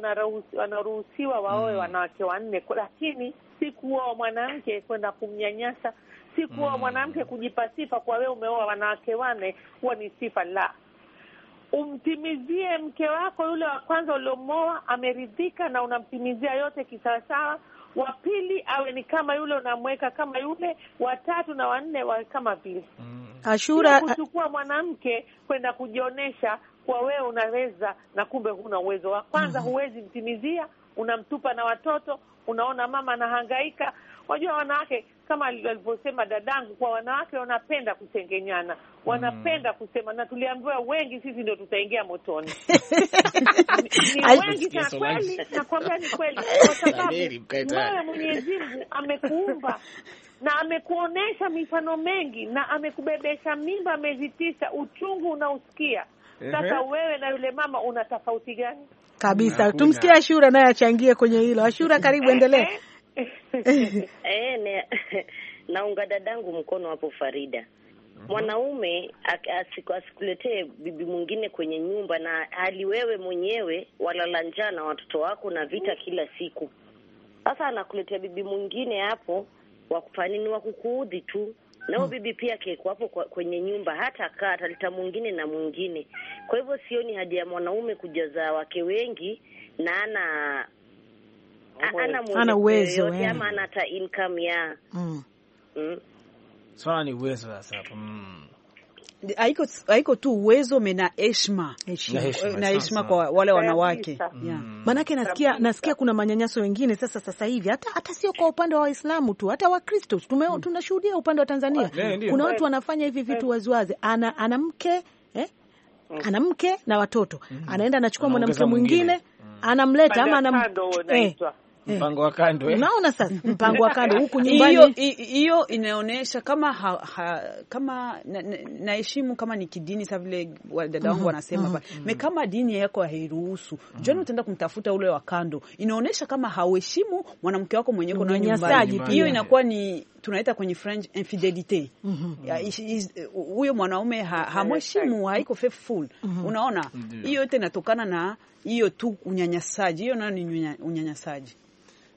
[SPEAKER 4] wanaruhusiwa waoe mm. wanawake wanne, lakini si kuoa mwanamke kwenda kumnyanyasa, si kuoa mm. mwanamke kujipa sifa kwa wewe umeoa wanawake wane, huwa ni sifa la umtimizie mke wako yule wa kwanza uliomoa ameridhika, na unamtimizia yote kisawasawa. Wa pili awe ni kama yule, unamweka kama yule. Watatu na wanne wawe kama vile mm. Ashura, kuchukua mwanamke kwenda kujionyesha kwa wewe unaweza na kumbe huna uwezo. Wa kwanza mm. huwezi mtimizia, unamtupa na watoto unaona mama anahangaika. Wajua wanawake kama alivyosema dadangu, kwa wanawake wanapenda kusengenyana, wanapenda mm. kusema, na tuliambiwa wengi sisi ndio tutaingia motoni. Ni wengi na kweli, nakwambia ni kweli, kwa sababu wewe Mwenyezi Mungu amekuumba na amekuonyesha mifano mengi na amekubebesha mimba miezi tisa, uchungu unausikia sasa. Wewe na yule mama una tofauti gani?
[SPEAKER 2] kabisa. Tumsikie Ashura naye achangie kwenye hilo. Ashura, karibu, endelee.
[SPEAKER 6] Eh, naunga dadangu mkono hapo Farida. Mhm. Mwanaume asikuletee bibi mwingine kwenye nyumba, na hali wewe mwenyewe walala njaa na watoto wako na vita kila siku. Sasa anakuletea bibi mwingine hapo, wakufanini, wakukuudhi tu nao hmm. bibi pia akikuwapo kwenye nyumba hata akaa atalita mwingine na mwingine. Kwa hivyo sioni haja ya mwanaume kujaza wake wengi na ana ana uwezo ama ana hata income ya mm. Mm.
[SPEAKER 1] Swala ni uwezo sasa mm
[SPEAKER 3] haiko, haiko tu uwezo mena heshima na heshima kwa wale wanawake yeah. Maanake mm. nasikia, nasikia kuna manyanyaso wengine
[SPEAKER 2] sasa sasa hivi hata, hata sio kwa upande wa Waislamu tu hata Wakristo mm. tunashuhudia upande wa Tanzania kuna watu wanafanya hivi vitu waziwazi, ana, ana mke eh? Mm. ana mke na watoto anaenda anachukua mwanamke mwingine anamleta ama anam... eh.
[SPEAKER 3] Eh. mpango wa kando eh. Naona sasa mpango wa kando huku nyumbani, hiyo inaonyesha kama ha, ha, kama naheshimu na kama ni kidini, sa vile wadada wangu mm-hmm. wanasema mm -hmm. me kama dini yako hairuhusu mm -hmm. joni utaenda kumtafuta ule wa kando, inaonyesha kama hauheshimu mwanamke wako mwenyewe na nyumbani. Hiyo inakuwa ni tunaita kwenye French infidelity mm huyo -hmm. mwanaume ha, hamheshimu, haiko faithful mm -hmm. Unaona hiyo yote inatokana na hiyo tu unyanyasaji, hiyo nayo ni unyanyasaji.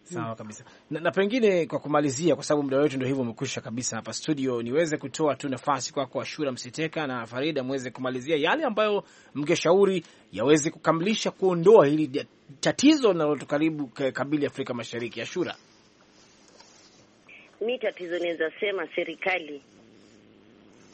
[SPEAKER 3] Sawa mm. kabisa
[SPEAKER 1] na, na pengine kwa kumalizia, kwa sababu muda wetu ndio hivyo umekwisha kabisa hapa studio, niweze kutoa tu nafasi kwako kwa Ashura Msiteka na Farida muweze kumalizia yale ambayo mngeshauri yaweze kukamilisha kuondoa hili tatizo linalotukaribu eh, kabili Afrika Mashariki. Ashura,
[SPEAKER 6] mi tatizo naweza sema serikali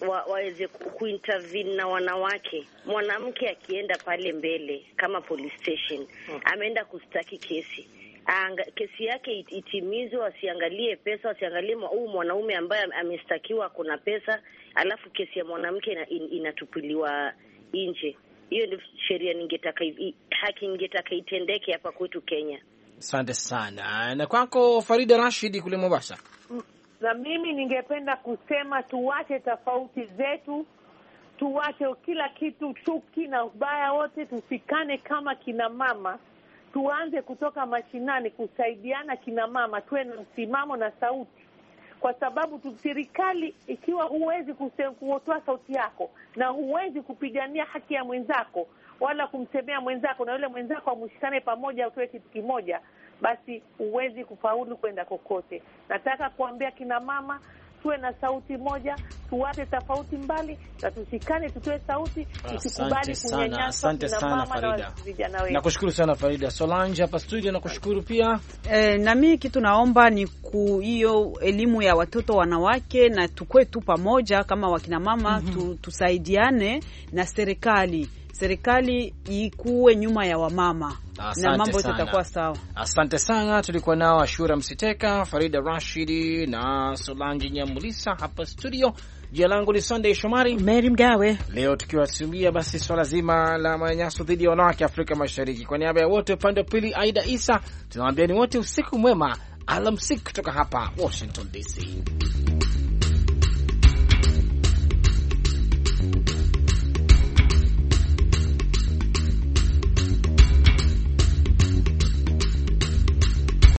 [SPEAKER 6] wa, waweze kuintervene na wanawake. Mwanamke akienda pale mbele kama police station, mm. ameenda kustaki kesi Ang, kesi yake it, itimizwe, wasiangalie pesa, wasiangalie huu mwanaume ambaye amestakiwa kuna pesa, alafu kesi ya mwanamke in, inatupiliwa nje. Hiyo ndio sheria ningetaka, haki ningetaka itendeke hapa kwetu Kenya.
[SPEAKER 1] Asante sana. Na kwako Farida Rashid kule Mombasa.
[SPEAKER 4] Na mimi ningependa kusema tuwache tofauti zetu, tuwache kila kitu, chuki na ubaya wote, tusikane kama kina mama tuanze kutoka mashinani kusaidiana, kina mama, tuwe na msimamo na sauti, kwa sababu serikali, ikiwa huwezi kutoa sauti yako na huwezi kupigania haki ya mwenzako wala kumsemea mwenzako na yule mwenzako amushikane pamoja, utoe kitu kimoja, basi huwezi kufaulu kwenda kokote. Nataka kuambia kina mama tuwe na sauti moja, tuwate tofauti mbali na tusikane, tutoe sauti, tusikubali kunyanyasa na vijana wetu. Nakushukuru
[SPEAKER 3] sana Farida Solange hapa studio, nakushukuru pia e, na mimi kitu naomba ni ku hiyo elimu ya watoto wanawake, na tukwe tu pamoja kama wakina mama mm -hmm. tu, tusaidiane na serikali serikali ikuwe nyuma ya wamama na mambo yote yatakuwa sawa.
[SPEAKER 1] Asante sana, tulikuwa nao Ashura Msiteka, Farida Rashidi na Solangi Nyamulisa hapa studio. Jina langu ni Sunday Shomari Mary Mgawe, leo tukiwasimia basi swala zima la manyanyaso dhidi ya wanawake Afrika Mashariki. Kwa niaba ya wote upande wa pili, Aida Isa, tunawaambia ni wote usiku mwema, alamsik kutoka hapa Washington DC.